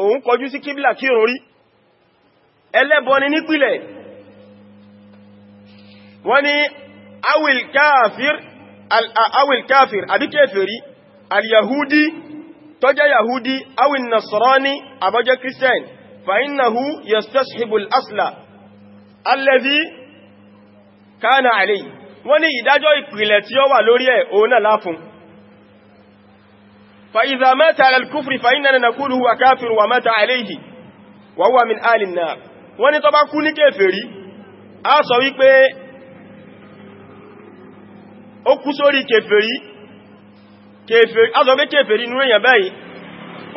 S1: òun kọjú sí kíbílà kí òun rí ẹlẹ́bọ ni nípìlẹ̀ wọ́n ni awil káàfir awil káàfir àbí kèfèrí al-yahudi tó jẹ́ yahudi awil nasarani àbọ́jẹ́ christian fa'innahu yastashibul asla alladhi kana alayhi wọ́n ni ìdájọ́ ìpìlẹ̀ tí ó wà lórí ẹ̀ òun náà láfún فإذا مات على الكفر فإننا نقول هو كافر ومات عليه وهو من آل النار wọ́n ní tó bá kú ní kèfèrí a sọ wípé ó kú sórí kèfèrí kèfèrí a sọ pé kèfèrí nú èyàn báyìí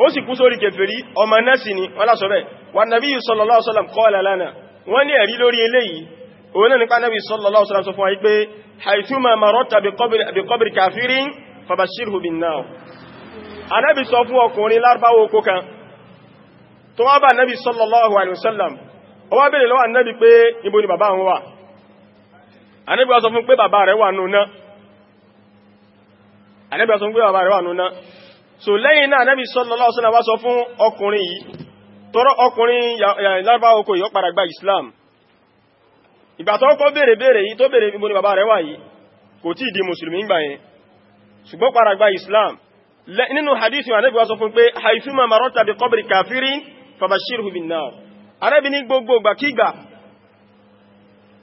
S1: ó sì kú sórí kèfèrí ọmọ náà sì ni wọ́n lásọ bẹ́ẹ̀ wà nàbí sallallahu alaihi wasallam qala lana wọ́n ní ẹ̀rí lórí eléyìí òun náà nípa nàbí sallallahu alaihi wasallam sọ fún wa wípé haythuma mararta bi qabri kafirin fabashirhu bin nar anábì sọ fún ọkùnrin lárúbáwò oko kan tó wá bá anábì sallallahu alaihi wasallam ó wá bèèrè lọ́wọ́ anábì pé ibo ni bàbá wọn wà anábì sọ fún pé bàbá rẹ̀ wà núná anábì sọ fún pé bàbá rẹ̀ wà so lẹ́yìn náà sallallahu alaihi wasallam wá sọ fún ọkùnrin ọkùnrin oko yi gba Islam bere ibo ni di Islam nínú hadithi anabi wa sọ fún pé haithuma marota bi qabri kafirin fabashirhu bin nar arabi ní gbogbo gbàkígbà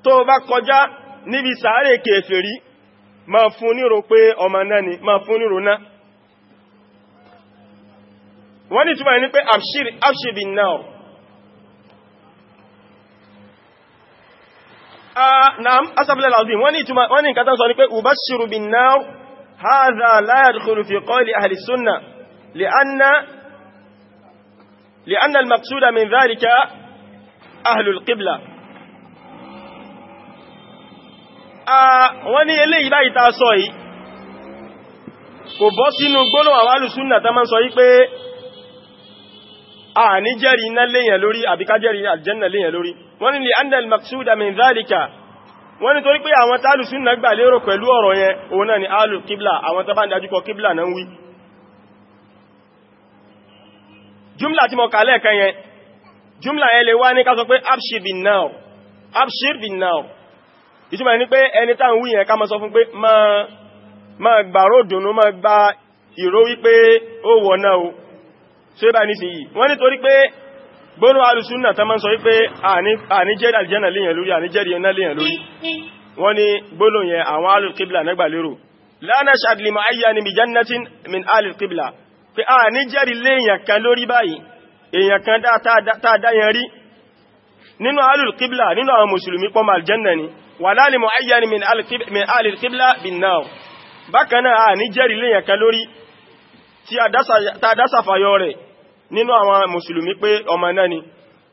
S1: tó bá kọjá níbi sàárè kèfèrí ma fún níro pé ọmọ náà ni ma fún níro náà wọ́n ní túnmà ní pé abshir bin nar ah, naam asabilal wọ́n ní nǹkan tán sọ ní pé ubashiru bin nar هذا لا يدخل في قول أهل السنة لأن لأن المقصود من ذلك أهل القبلة wọ́n ní eléyìí ta sọ yìí kò bọ́ sínú gbóló àwọn alùsúnnà tó máa sọ yí pé a ní jẹ́rìí iná léyàn lórí àbíká jẹ́rìí aljanna léyàn lórí wọ́n ní li anna al min dhalika wọ́n ní torí pé àwọn tálù súnnà gbà lérò pẹ̀lú ọ̀rọ̀ yẹn òun náà ni alù kíblà àwọn tó bá ń dájúkọ kíblà náà ń wí jùmlà tí mo kà lẹ́ẹ̀kan yẹn jùmlà yẹn lè wá ní ká sọ pé abshir bin now abshir bin now ìtumọ̀ o ṣe bá nísìnyí wọ́n ní gbónú alùsúnnà tó máa ń sọ wípé àníjẹ́rì àlìjẹ́nà léyàn lórí àníjẹ́rì ẹ̀nà léyàn lórí wọ́n ní gbónú yẹn àwọn alùkíblà nẹ́gbà lérò lánà ṣàdìlìmọ̀ ayyá ni mijannatin min alùkíblà pé àníjẹ́rì léyàn kan lórí báyìí èyàn kan dáadáa a dásàfàyọ rẹ̀ nínú àwọn mùsùlùmí pé ọmọ náà ni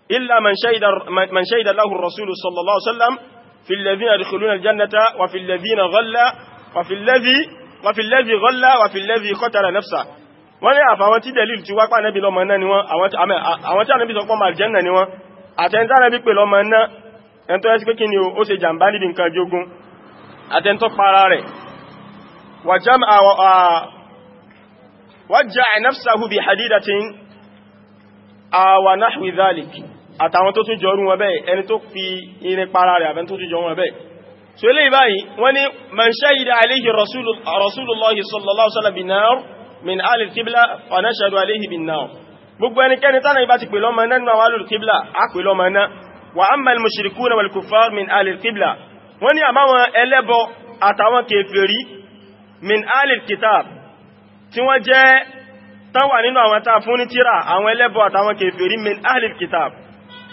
S1: illa man shayida lahu rasulu sallallahu alaihi wasallam fi alladhina yadkhuluna aljannata wa fi alladhina ghalla wa fi alladhi wa fi alladhi ghalla wa fi alladhi qatala nafsa wọ́n ní àfàwọn tí delil ti wápá nẹ́bí lọmọ náà ni wọ́n àwọn tí ànẹ́bí sọpọ̀ màlìjẹ́nà ni wọ́n àtẹ́ntà nẹ́bí pè lọmọ hadidatin àwà náhùí zalik àtàwọn tó tún jọrún wọn bẹ́ẹ̀ ẹni tó fi irin para rẹ̀ àbẹ́ tó tún jọ wọn bẹ́ẹ̀ so ilé ìbáyìí wọ́n ni man shahida alayhi rasulullahi sallallahu alaihi wasallam bin nar min alil kibla wa nashhadu alayhi bin nar gbogbo ti pèlọ́mọ náà tán wà nínú àwọn tàà fún ní tíra àwọn ẹlẹ́bọ̀ àtàwọn kèfèrí min ahlil kitab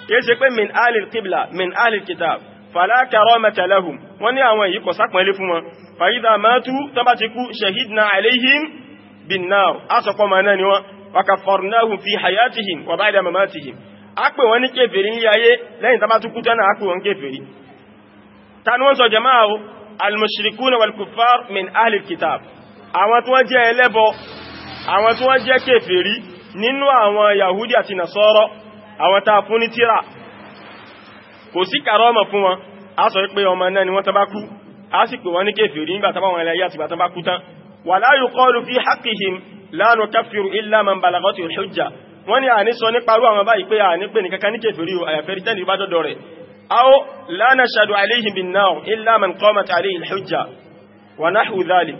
S1: kìí ṣe pé min ahlil qibla min ahlil kitab fala karamata lahum wọ́n ní àwọn èyí kò sápẹ̀lẹ́ fún wọn fa idha matu tán bá ti kú shahidna alayhim bin nar asọ̀pọ̀ ma náà ni wọ́n wa kaffarnahum fi hayatihim wa ba'da mamatihim a pè wọ́n ní kèfèrí àwọn tí wọ́n jẹ́ ẹlẹ́bọ̀ àwọn tí wọ́n jẹ́ kèfèrí nínú àwọn yahudi àti nasọ́rọ̀ àwọn tàà fún ní tíra kò sí kàrọ́mọ̀ fún wọn a sọ pé ọmọ náà ni wọ́n tàbá kú a sì pè wọ́n ní kèfèrí nígbà tàbá wọn ẹlẹ́yà dhalik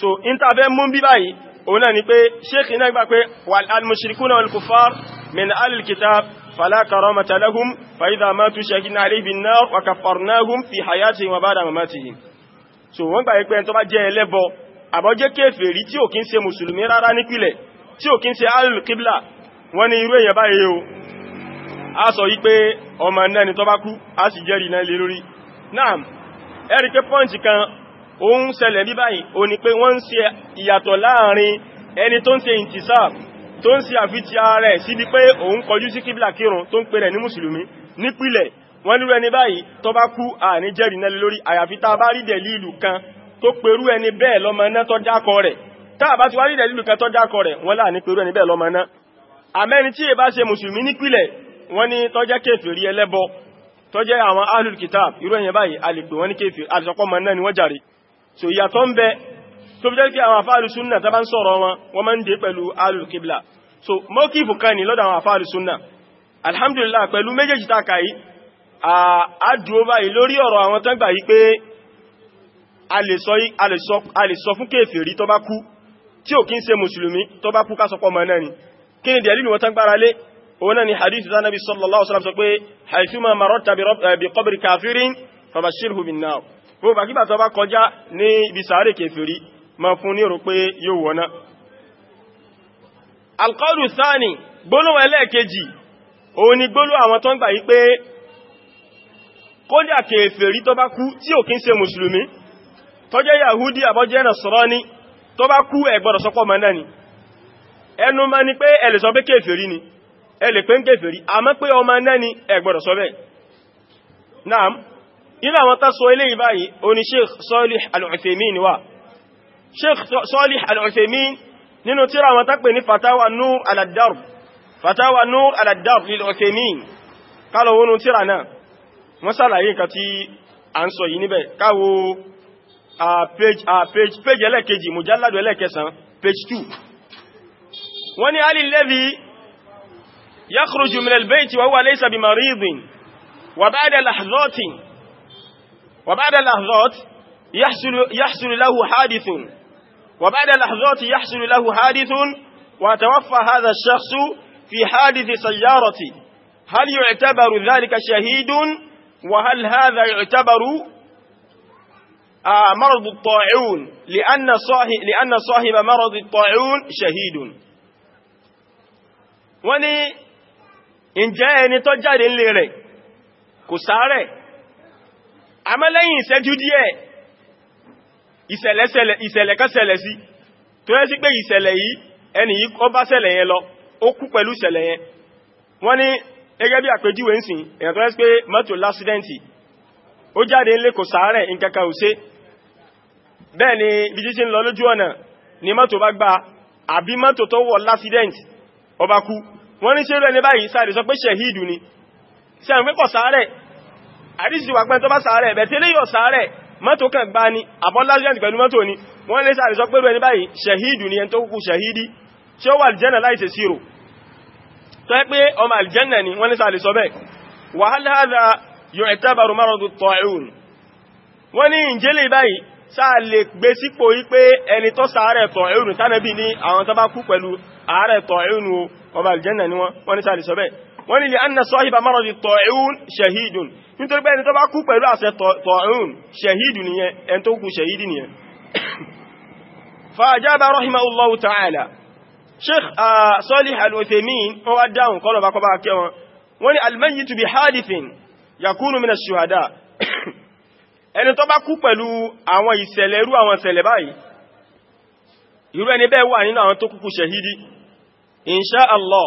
S1: so intabẹ́ mú bí báyìí òun náà ni pé ṣéèkì náà gbà pé al-mushrikuna wal-kuffar min al-kitab fala karamata lahum fa idha matu shahidna alayhim bin-nar wa kaffarnahum fi hayatihim wa ba'da mamatihim so wọ́n gbà pé ẹni tó bá jẹ́ ẹlẹ́bọ àbọ́jẹ́ kéfèrí tí ò kí ń ṣe mùsùlùmí rárá nípìlẹ̀ tí ò kí ń ṣe al-qibla wọ́n ní irú èyàn báyìí o a sọ yí pé ọmọ náà ni tó bá kú a sì jẹ́rìí náà lé lórí náà ẹ̀rí pé pọ́ǹtì kan ó ń ṣẹlẹ̀ bí báyìí ó ní pé wọ́n ń ṣe ìyàtọ̀ láàrin ẹni tó ń ṣe intisab tó ń ṣe àfitì ààrẹ síbi pé òun kọjú sí kíbla kírun tó ń pè rẹ̀ ní mùsùlùmí nípìlẹ̀ wọ́n lúrú ẹni báyìí tó bá kú àní jẹ́rìí nẹ́lẹ̀ lórí àyàfi tá a bá rí dẹ̀lílù kan tó perú ẹni bẹ́ẹ̀ lọ́mọ náà àwọn ahlul irú ẹ̀yẹn báyìí a lè ní kèfèrí àlìsọ́pọ̀ mọ́ náà ni wọ́n jàre so ìyàtọ̀ ń bẹ tó bí jẹ́ kí àwọn àfáàlù súnnà tàbá ń sọ̀rọ̀ wọn wọ́n máa ń dé pẹ̀lú alùkíblà so mọ́kífù kan ní lọ́dọ̀ àwọn àfáàlù súnnà alhamdulillah pẹ̀lú méjèèjì tàkà yìí àádùó báyìí lórí ọ̀rọ̀ àwọn tán gbà pé a lè sọ fún kéfèrí tó bá kú tí ò kí ń ṣe mùsùlùmí tó bá kú kásọpọ̀ mọ̀ náà ni kí ni dẹ̀lú wọn tán ni hadith ta nabi sallallahu alaihi wasallam sọ pé haithuma marọ́ta bi qabri kafirin fabashirhu bin nar gbogbo àkíbà tó bá kọjá ní ibi sàárè kèfèrí ma fún ní rò pé yóò wọ́ná alkọ́lù sáàni gbólóhùn ẹlẹ́ẹ̀kejì òun ni gbólóhùn àwọn tó ń gbà yí pé kódà kèfèrí tó bá kú tí ò kí ń ṣe mùsùlùmí tó jẹ́ yahudi àbọ́jẹ́ nasrani tó bá kú ẹ gbọ́dọ̀ sọpọ̀ mọ́ná ni ẹnu ma ni ni ẹ lè pé ń kèfèrí àmọ́ pé ọmọ naam nínú àwọn tá sọ eléyìí báyìí o ni sheikh Salih Al-Uthaymin wà sheikh Salih Al-Uthaymin nínú tírà àwọn tá pè ní fatawa Nur ala Darb fatawa Nur ala Darb lil Uthaymin kálọ̀ wọnú tírà náà wọ́n sàlàyé nǹkan tí a ń sọ yìí níbẹ̀ káwo page ẹlẹ́kejì mujalladu ẹlẹ́kẹsàn page 2 wọ́n ni alilladhi yakhruju min al-bayti wa huwa laysa bi maridin wa ba'da lahzatin وبعد اللحظات يحصل, يحصل له حادث وبعد اللحظات يحصل له حادث وتوفى هذا الشخص في حادث سيارة هل يعتبر ذلك شهيد وهل هذا يعتبر آه، مرض الطاعون لأن صاحب, لأن صاحب مرض الطاعون شهيد وني إن ǹjẹ́ ẹni لي jáde àmọ́ lẹ́yìn ìṣẹ́jú díẹ̀ ìṣẹ̀lẹ̀ kan ṣẹlẹ̀ sí tó yẹ sí pé ìṣẹ̀lẹ̀ yìí ẹni yìí kò bá ṣẹlẹ̀ yẹn lọ ó kú pẹ̀lú ìṣẹ̀lẹ̀ yẹn wọ́n ní gẹ́gẹ́ bí àpèjúwe ń sìn èyàn tó yẹ sí pé mọ́tò lásídẹ́ǹtì ó jáde ńlé kò sàárẹ̀ nǹkankan ń lọ kò sàárẹ̀ àdísì wà pẹ́ tó bá sàárẹ̀ ẹ̀bẹ̀ tí léyọ̀ sàárẹ̀ mọ́tò kan gbá ní àbọ́lájẹ́ǹtì pẹ̀lú mọ́tò ní wọ́n lé sàárẹ̀ sọ pẹ́lú ẹni báyìí ṣẹ̀hídù ni ẹn tó kúkú ṣẹ̀hídì tí ó wà aljanna láìsẹ̀ sírò tó ẹ́ pé ọmọ aljanna ni wọ́n lé sàárẹ̀ sọ bẹ́ẹ̀ wa hal hadha yu'tabaru maradu at-ta'un wọ́n ní ìjẹ́lẹ̀ báyìí sáà lè wọ́n ni lè anna sọ́hìbà márọ̀dì tọ̀ẹ̀ún ṣẹ̀hídùn nítorí pé ẹni tó bá kú pẹ̀lú àṣẹ tọ̀ẹ̀ún ṣẹ̀hídùn nìyẹn ẹni tó kú ṣẹ̀hídì nìyẹn fàájábà rahimahullahu ta'ala sheikh salih al-uthaymin wọ́n wá dáhùn kọ́lọ̀ bá kọba kẹ́ wọn wọ́n ni almayyitu bi hadithin yakunu min ash-shuhada ẹni tó bá kú pẹ̀lú àwọn ìṣẹ̀lẹ̀ Allah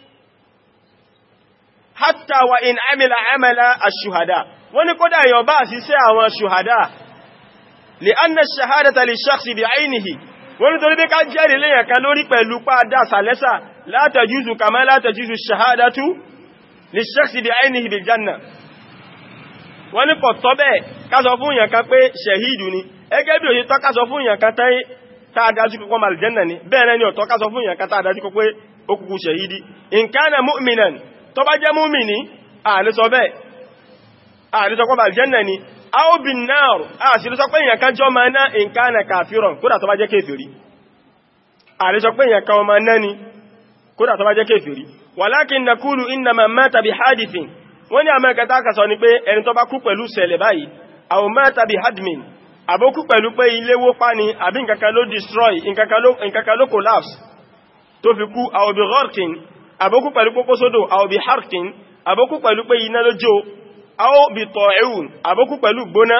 S1: hatta wa in amila amala ash-shuhada wọ́n ní kódà èèyàn bá ṣiṣẹ́ àwọn ṣùhádà li anna ash-shahadata li shakhsi bi aynihi wọ́n ní torí bí ká jẹ́rìí léyàn kan lórí pẹ̀lú pàdá sàlẹ́sà la tajuzu kama la tajuzu ash-shahadatu li shakhsi bi aynihi bil janna wọ́n ní kò tọ́ bẹ́ẹ̀ ká sọ fún kan pé shahidu ni ẹgẹ́ bí òye tọ́ ká sọ fún èèyàn kan tẹ́ tá dájú kọ́kọ́ mal janna ni bẹ́ẹ̀ náà ni ọ̀tọ́ ká sọ fún èèyàn kan tá dájú kọ́ pé ó shahidi in kana mu'minan tó bá jẹ́ múmìnì àlẹ́sọ bẹ́ẹ̀ àlẹ́sọ pọ̀ bàjẹ́nà ni a ó bí náà àṣìlẹ́sọ pé èyàn kan jọ ma ná nǹkan na kàfíràn kódà tó bá jẹ́ kéfèrí àlẹ́sọ pé èyàn kan ma ni kódà tó bá jẹ́ kéfèrí walakin nakulu innama mata bi hadithin wọ́n ni àmẹ́ka tákà sọ ni pé ẹni tó bá kú pẹ̀lú hadmin àbókú pẹ̀lú pé ilé wó pa destroy nǹkankan ló collapse tó fi kú àbókú pẹ̀lú pópó sódò àwọn bí harkin àbókú pẹ̀lú pé iná ló jó àwọn bí tọ̀ẹ̀hùn àbókú pẹ̀lú gbóná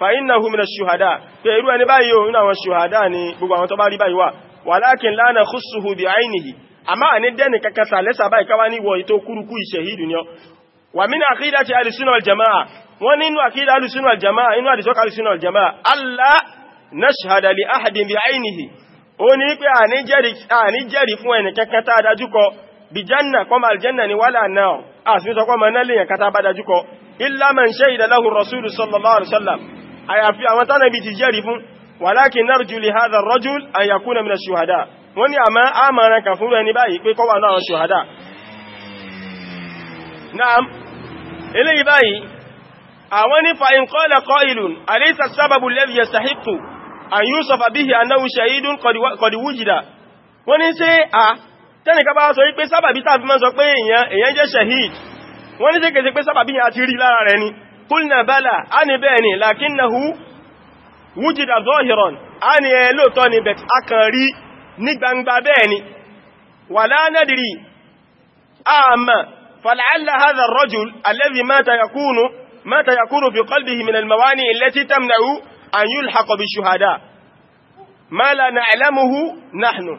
S1: fàyínà hùmìnà ṣùhàdá pé irú ẹni báyìí o àwọn ṣùhàdá ni gbogbo àwọn tó bá rí báyìí wà wàlákin lánà kúsùhù bí àìníhì àmá àní dẹ́nì kankan sàlẹ́sà báyìí káwá ní aljama'a wọ́n nínú aljama'a inú àdìsọ́kà aljama'a allah nashhada li ahadin bi àìníhì ó ní pé àní jẹ́rìí fún ẹnì kankan tá a dájú kọ bí janna kọmọ aljanna ni wala náà a sì sọ kọmọ náà lèyàn kata bá dájú kọ illa man shahida lahu rasulu sallallahu alaihi wasallam àyàfi àwọn tánàbí ti jẹ́rìí fún walakin narju li hadha ar-rajul an yakuna min ash-shuhada wọ́n ni àmá àmàrà kan fún ẹni báyìí annahu shahidun qad wujida wọ́n ni a tẹ́nìkan bá sọ wípé sábàbí tàbí mọ́ sọ pé èyàn jẹ́ shahid wọ́n ní tẹ́kẹ̀ẹ́ pé sábàbí yà ti rí lára rẹ̀ ni kúlnà bala a ní bẹ́ẹ̀ ni lakinnahu wujida zahiran a ní ẹ lóòtọ́ ni bet a kan rí ní gbangba bẹ́ẹ̀ ni wala nadri àmà fal'alla hadha ar-rajul alladhi mata yakunu mata nahnu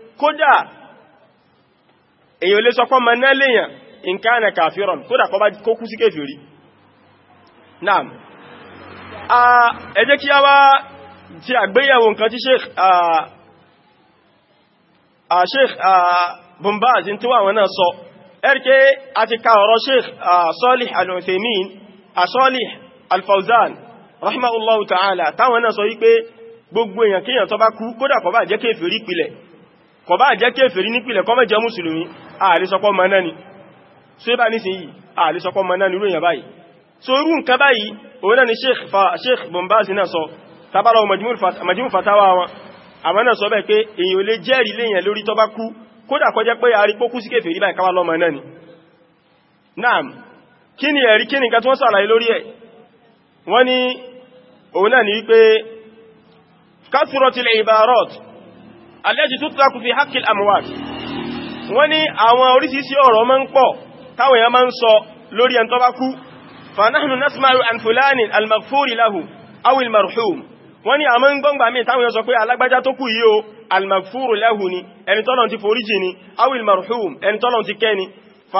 S1: kódà èyàn lè sọpọ́ ma náà lèyàn in kana kafiran kódà kó bá kó kú sí kéfèrí naam a jẹ́ kí a wá ti àgbéyẹ̀wò nǹkan tí sheikh sheikh bumbaz tí wọ́n náà sọ ẹ́rìké a ti ka ọ̀rọ̀ sheikh Salih al a Salih al-Fawzan rahimahullahu ta'ala táwọn náà sọ wípé gbogbo èèyàn kíyàn tó bá kú kódà kò bá jẹ́ kéfèrí nípìlẹ̀ kò má jẹ́ mùsùlùmí ààlésọpọ̀ manani so ibá nísìn yìí ààlésọpọ̀ manani rú èyàn báyìí so irú nǹkan báyìí òun náà ni sheikh bombazi náà sọ tabbara majmú fatawa wọn àwọn náà sọ bẹ́ẹ̀ pé èyàn ò lè jẹ́rìí léyàn lórí tó bá kú kódà kó jẹ́ pé àrí pókú manani naam kí ni ẹ̀rí ni nǹkan tí wọ́n sàlàyé lórí ẹ̀ wọ́n ni òun náà ni wípé alẹ́jì tó tàkù fi hakil amwat wọ́n ní àwọn oríṣiríṣi ọ̀rọ̀ máa ń pọ̀ táwọn èèyàn máa ń sọ lórí ẹn tó bá kú fa nahnu nasma'u an fulani al-maghfuri lahu aw al-marhum wọ́n ní àmọ́ ń gbọ́ngbà mí táwọn èèyàn sọ pé alágbájá tó kú yìí o al-maghfuru lahu ni ẹni tọ́lọ̀ ti foríjì ni aw marhum ẹni tọ́lọ̀ ti kẹ́ ni fa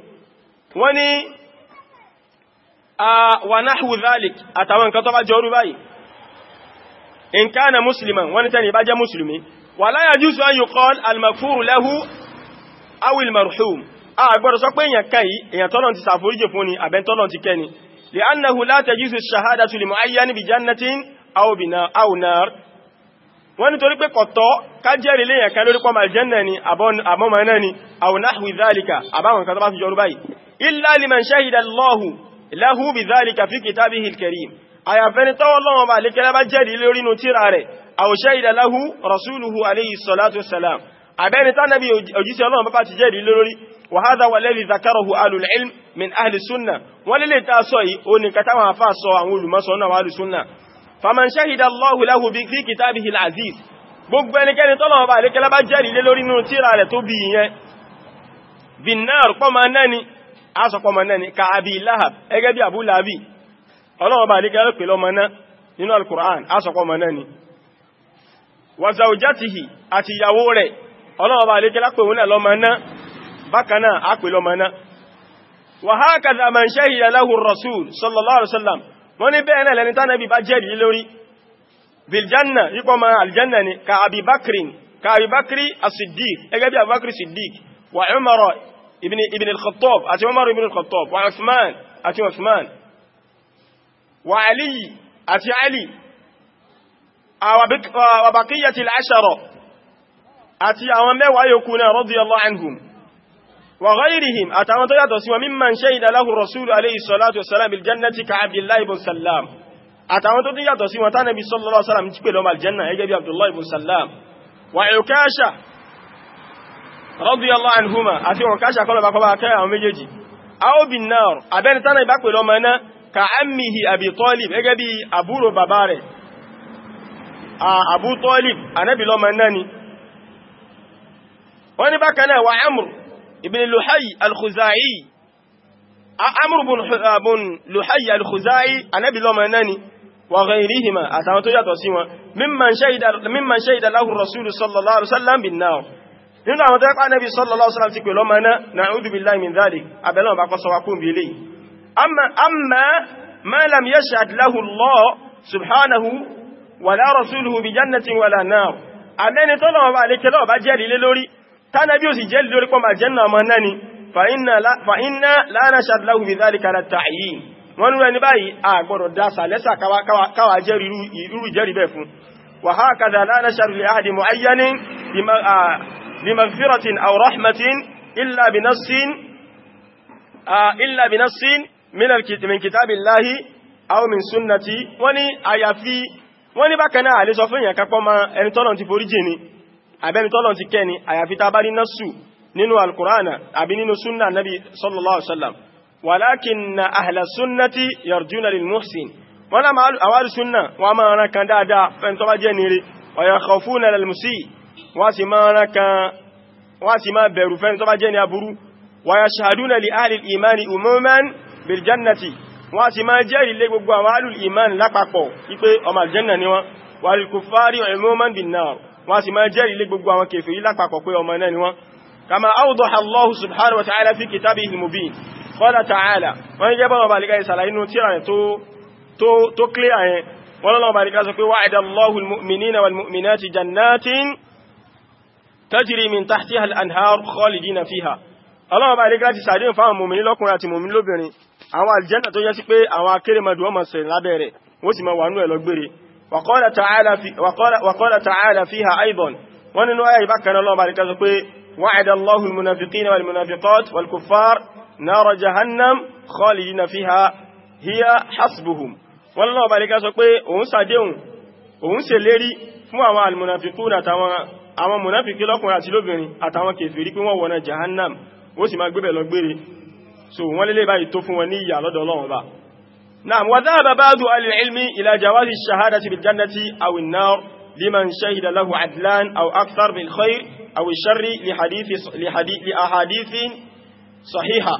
S1: wọ́n ní wa nahwu dhalik àtàwọn nǹkan tó bá jọ orú báyìí in kana musliman wọ́n ní tẹ́ni bá jẹ́ musulmi wala yajuzu an yuqal al-maghfuru lahu aw marhum a gbọ́dọ̀ sọ pé èyàn kẹ́yì wọ́n ní pé kọ̀tọ́ kájẹ́rì léyàn kan lórí pọ́mà jẹ́ náà ni àbọ́mọ̀ náà ni aw nahwi dhalika àbáwọn kan tó bá ti jọ orú báyìí illa liman shahida Allahu lahu bi dhalika fi kitabihi al-karim ayafeni to Ọlọ́run ba le kele ba jẹ́rìí lórí nu tírà rẹ̀ aw shahida lahu rasuluhu alayhi salatu wassalam abeni ta nabi òjíṣẹ́ Ọlọ́run ba ti jẹ́rìí lórí wa hadha walladhi dhakarahu ahlul ilm min ahli sunnah walile ta sọ yìí oni kata wa fa sọ àwọn olùmọ̀ sọ na wa ahlus sunnah faman shahida Allahu lahu bi fi kitabihi al-aziz gbogbo ẹnikẹ́ni tọ́lọ̀wọ́ bá àríkẹ́lá bá jẹ́rìí lé lórí nínú tírà rẹ̀ tó bí ìyẹn bí náà rùpọ̀ máa náà ni asọ̀pọ̀mọ̀ náà ni ka abi lahab ẹgẹ́ bí abu labi ọlọ́wọ́ bá nígbà ló pèlọ mọ́ná nínú al-Qur'an asọ̀pọ̀mọ̀ náà ni wa zawjatihi àti ìyàwó rẹ̀ ọlọ́wọ́ bá nígbà pèwọ́n náà náà ibn ibn al-khattab àti umar ibn al-khattab wa uthman àti uthman wa ali àti ali wa baqiyati al-ashara àti àwọn mẹ́wàá yòókù náà radiyallahu anhum wa ghayrihim àtàwọn tó yàtọ̀ sí wọn mimman shahida lahu rasul alayhi salatu wa salam bil jannati ka abdullahi ibn sallam àtàwọn tó yàtọ̀ sí wọn tánàbí sallallahu alaihi wasallam jípe lọ́mọ aljanna ẹgẹ́ bí abdullahi ibn sallam wa ukasha radiyallahu anhuma àti Ukasha kọ́lọ̀ bá kọ́ bá kẹ́ àwọn méjèèjì aw bin nar abẹ́ni tánà ìbá pẹ̀lú ọmọ iná ka ammihi Abi Talib gẹ́gẹ́ bí àbúrò bàbá rẹ̀ Abu Talib Ànábì lọ́mọ iná ni wọ́n ní bákan náà wa Amr ibn Luhay al-Khuzai Amr eh, ibn Luhay al-Khuzai Ànábì lọ́mọ iná ni wa ghayrihima nínú àwọn tẹ́pá nẹ́bí sallallahu alaihi wasallam ti pè lọ́mọ náà na'udhu billahi min dhalik abẹ́lọ́wọ̀n bá kọ́ sọ wákún bí ilé amma ma lam yashhad lahu Allah subhanahu wa la rasuluhu bi jannatin wa la nar abẹ́ni tọ́lọ́wọ̀n bá lékẹ́lọ́wọ̀ bá jẹ́rìí lé lórí tánàbí ò sì jẹ́rìí lórí pọ́mà jẹ́nà ọmọ náà ni fa inna la لمغفرة أو رحمة إلا بنص إلا بنص من من كتاب الله أو من سنة وني في وني بكنا على صفين يكاكوما أن تولون تفوريجيني أبين تولون تكيني في تابري نصو نينو القرآن أبي نينو سنة النبي صلى الله عليه وسلم ولكن أهل السنة يرجون للمحسن وأنا مع أوال سنة وما أنا كان دادا فانتوا جنيري ويخافون للمسيء wọ́n sì máa rán kan wọ́n sì máa bẹ̀rù fẹ́ni tó bá jẹ́ ní aburú wa yashhaduna li ahli al-imani umuman bil jannati wọ́n sì máa jẹ́rìí lé gbogbo àwọn ahli al-iman lápapọ̀ wípé ọmọ aljanna ni wọ́n wal kuffari umuman bin tajiri min tahtiha al-anhar khalidina fiha ọlọ́run bá ilégá ti sàdéhùn fáwọn mòmìnì lọ́kùnrin àti mòmìnì lóbìnrin àwọn àlìjẹ́nà tó yẹ sí pé àwọn akérèmọdù ọmọ sẹ̀rẹ̀ lábẹ́ rẹ̀ wọ́n sì máa wà nú ẹ̀ lọ́gbére wa qala ta'ala fiha aidan wọ́n nínú ayé ìbákan ọlọ́run bá ilégá sọ pé wa'ada Allahu al-munafiqina wal-munafiqat wal-kuffar nara jahannam khalidina fiha hiya hasbuhum wọ́n lọ́run bá ilégá sọ pé òun sàdéhùn òun ṣèlérí fún àwọn al-munafiquna àtàwọn àwọn mùnáfìkí lọ́kùnrin àti lóbìnrin àtàwọn kèfèrí pé wọ́n wọ̀nà jahannam ó sì máa gbébẹ̀ lọ gbére so wọ́n lélẹ̀ báyìí tó fún wọn ní ìyà lọ́dọ̀ Ọlọ́run bá náà wa dhahaba ba'du al-ilmi ila jawazi shahadati bil jannati aw an-nar liman shahida lahu adlan aw akthar bil khair aw sharri li hadithi li hadithi li ahadithin sahiha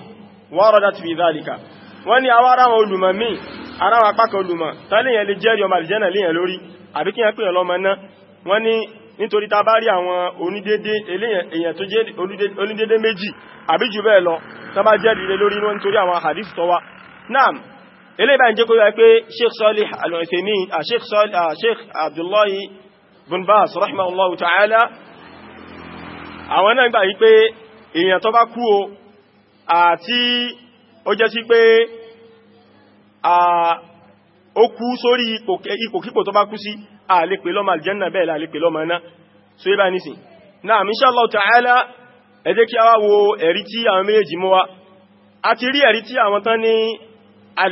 S1: waradat fi dhalika wọ́n ní awara wọn olùmọ̀ mi ara wa pa nítorí ta bá rí àwọn onídédé èyàn tó jẹ́ onídédé méjì àbí jù bẹ́ẹ̀ lọ tó bá jẹ́ rire lórí wọn nítorí àwọn hadith tó wá naam ilé ìbá kó yọ pé sheikh salih al-uthaymin sheikh salih sheikh abdullahi bin bas rahimahullahu ta'ala àwọn náà gbà yí pé èyàn tó bá kú o àti ó jẹ́ sí pé ó àlepè lọ́mọ aljanna bẹ́ẹ̀ lálepè lọ́mọ iná so yíba nísìn náà insha Allah ta'ala ẹ jẹ́ kí a wá wo ẹ̀rí tí àwọn méjèèjì mú wá a ti rí ẹ̀rí tí àwọn tán ní a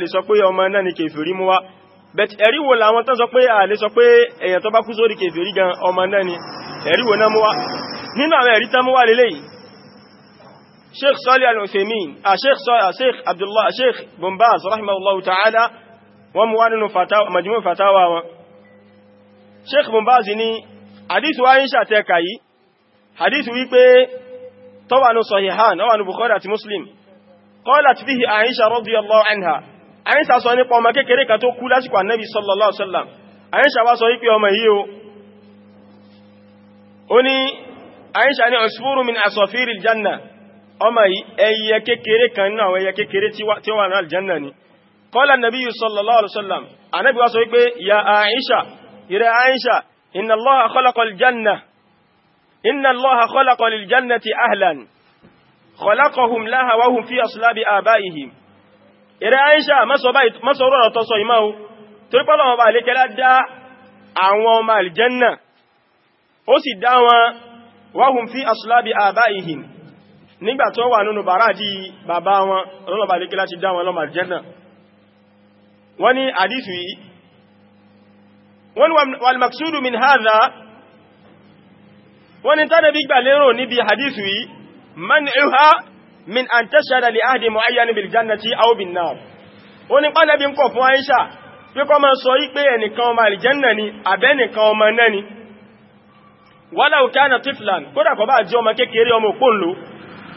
S1: ọmọ náà ni kèfèrí mú wá bẹ̀t ẹ̀rí wo làwọn tán sọ pé a lè tó bá kú sórí kèfèrí gan ọmọ náà wọ́n mú wá nínú majmu' wọn sheikh bombazi ni hadithu aisha tẹ́ka yìí hadithu wípé tọ́wànú sahihan tọ́wànú bukhari àti muslim qalat fihi aisha radiyallahu anha aisha sọ nípa ọmọ kékeré kan tó kú lásìkò annabi sallallahu alaihi wasallam aisha wá sọ wípé ọmọ yìí ó ní aisha ní usfuru min asafiri aljanna ọmọ yìí ẹyẹ kékeré kan náà ẹyẹ kékeré tí wà ní aljanna ni qala annabi sallallahu alaihi wasallam annabi wá sọ wípé ya aisha ìrẹ́ Aisha inna Allaha khalaqa al-janna inna Allaha khalaqa lil-jannati ahlan khalaqahum laha wa hum fi aslabi abaihim ìrẹ́ Aisha mọ́sọ̀ rọrọ̀ tọ́sọ ìmá o torí pọ́lọ̀ ọba àlékẹ́lá dá àwọn ọmọ aljanna ó sì dá wọn wa hum fi aslabi abaihim nígbà tó wà nínú bàrájí bàbá wọn ọlọ́ọ̀bà àlékẹ́lá ti dá wọn lọ́mọ aljanna wọ́n ní àdísù wọ́n walmaksudu min hadha wọ́n ni tánà bí gbà lérò níbi hadithu yìí man iha min an tashada li ahdi mu'ayyan bil jannati aw bin nar wọ́n ni pàdà bí ń kọ̀ fún Aisha pé kọ́ máa sọ wípé ẹnìkan ọmọ aljanna ni abẹ́nìkan ọmọ náà ni walau kana tiflan kódà kọ́ bá jẹ́ ọmọ kékeré ọmọ òpónlò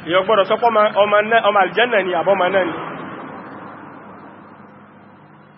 S1: ìyọ̀gbọ́dọ̀ sọ pọ́ ọmọ aljanna ni àbọ́mọ náà ni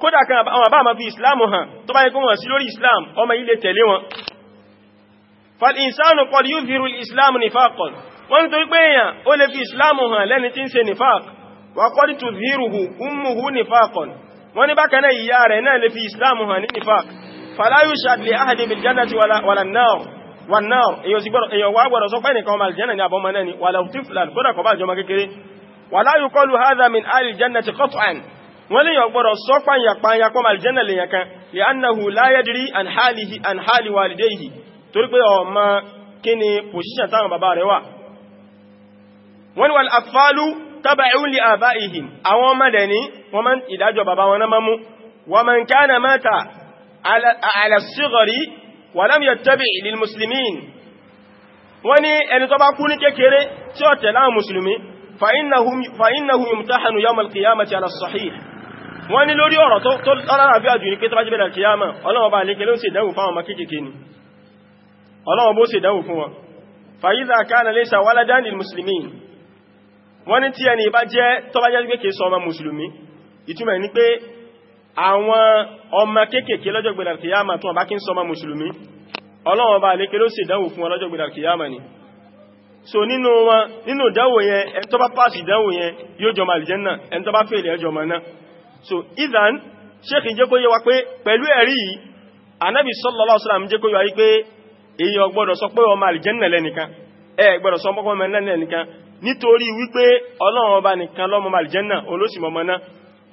S1: kódà kan àwọn àbá àmà fi islamu hàn tó bá yẹ kó wọ́n sí lórí islam ọmọ ilé tẹ̀lé wọn fal'insanu kọlu yóò fi rúl islamu nifakọl wọ́n tó pé èyàn ó lè fi islamu hàn lẹ́ni tí ń ṣe nifak wà kọlu tó fi rúhù ummuhu nifakọl wọ́n ní bákan náà ìyá rẹ̀ wala náà hadha min aljanna ti qat'an wọ́n lè yàn gbọ́dọ̀ sọ pàyàpàyà kọ́ ma aljanna lè yàn kan lè annahu la yadri an halihi an hali walidayhi torí pé ọmọ kí ni pòṣíṣàn táwọn bàbá rẹ̀ wà wọ́n wal atfalu taba'un li aba'ihim fa innahu yumtahanu yawm qiyamati ala as-sahih wọ́n ní lórí ọ̀rọ̀ tó lára bí àjò ní pé tó bá jẹ́ bẹ̀rẹ̀ kìyàmà ọlọ́wọ́ bá lékè ló ń ṣe ìdánwò fáwọn ọmọ kéèkéé ni ọlọ́wọ́ bó ṣe ìdánwò fún wọn fàyíza káàna lè ṣàwálá dánil musulmi wọ́n ní tí ẹni bá jẹ́ tó ni so nínú wọn nínú ìdánwò yẹn ẹni tó bá pàṣì ìdánwò yẹn yóò jọmọ àlìjẹ́nà ẹni tó bá fèèrè ẹjọmọ náà so idan sheikh jẹ́ kó yé wa pé pẹ̀lú ẹ̀rí yìí anabi sallallahu alaihi wasallam jẹ́ kó yé wa pé èèyàn gbọ́dọ̀ sọ pé ọmọ àlìjẹ́nà lẹ́nìkan ẹ gbọ́dọ̀ sọ pọ́pọ́ ọmọ ẹ̀nà lẹ́nìkan nítorí wípé ọlọ́run ọba nìkan lọ́mọ àlìjẹ́nà olóṣìmọ̀mọ́ náà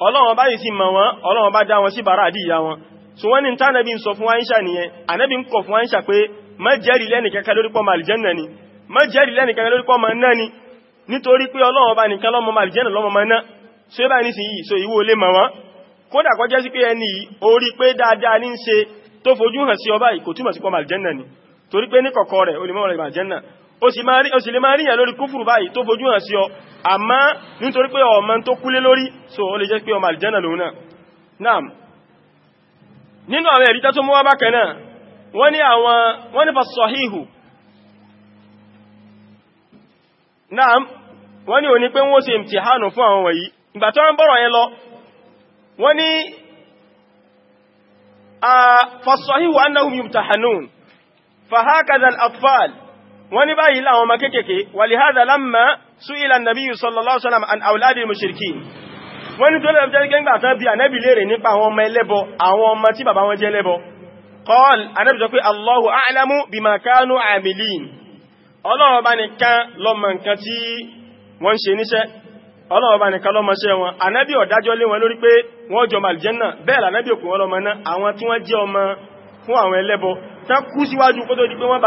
S1: ọlọ́run ọba yìí sì mọ̀ wọ́n ọlọ́run ọba dá wọn sí bàrá àdìyà wọn so wọ́n ní tánàbí ń sọ fún wáyíṣà nìyẹn ànábì ń kọ̀ fún wáyíṣà pé má jẹ́rì lẹ́nìkankan lórí pọ́mọ àlìjẹ́nà ni má jẹ́rì lẹ́nìkankan lórí pọ́mọ náà ni nítorí pé ọlọ́run ọba nìkan lọ́mọ àlìjẹ́nà lọ́mọ náà so yíba ní sí yìí so ìwọ lè mọ̀ wọ́n kódà kọ́ jẹ́ sí pé ẹni yìí orí pé dáadáa ní ṣe tó fojú hàn sí ọba ìkò túmọ̀ sí pọ́ màlìjẹ́nà ni torí pé ní kọ̀kọ́ rẹ̀ olùmọ̀ rẹ̀ màlìjẹ́nà so ó lè jẹ́ pé ọmọ àlìjẹ́nà lòun náà naam nínú àwọn ẹ̀rí tó mú wá bákan náà wọ́n ní àwọn wọ́n ní fasọ̀híhù naam pé wọ́n ṣe ìmtìhánù fún àwọn wọ̀nyí ìgbà tó ń bọ̀rọ̀ yẹn lọ wọ́n ní fasahihu annahum yumtahanun fahakadha al-atfal wọ́n ní báyìí láwọn ọmọ kéèkéé wa lihadha lamma su'ila an-nabiyyu sallallahu alaihi wasallam an awladi al-mushrikin wọ́n ní tó lẹ́bẹ̀ jẹ́ gẹ́gbà tán bí ànẹ́bì lè rè nípa àwọn ọmọ ẹlẹ́bọ àwọn ọlọ́wọ́ bá nìkan lọ́mọ ṣẹ́ wọn ànábì ọ̀dájọ́ lé wọn lórí pé wọ́n jọ màlìjẹ́nà bẹ́ẹ̀ lànábì òkú wọn lọ́mọ náà àwọn tí wọ́n jẹ́ ọmọ fún àwọn ẹlẹ́bọ tán kú síwájú kó tó di pé wọ́n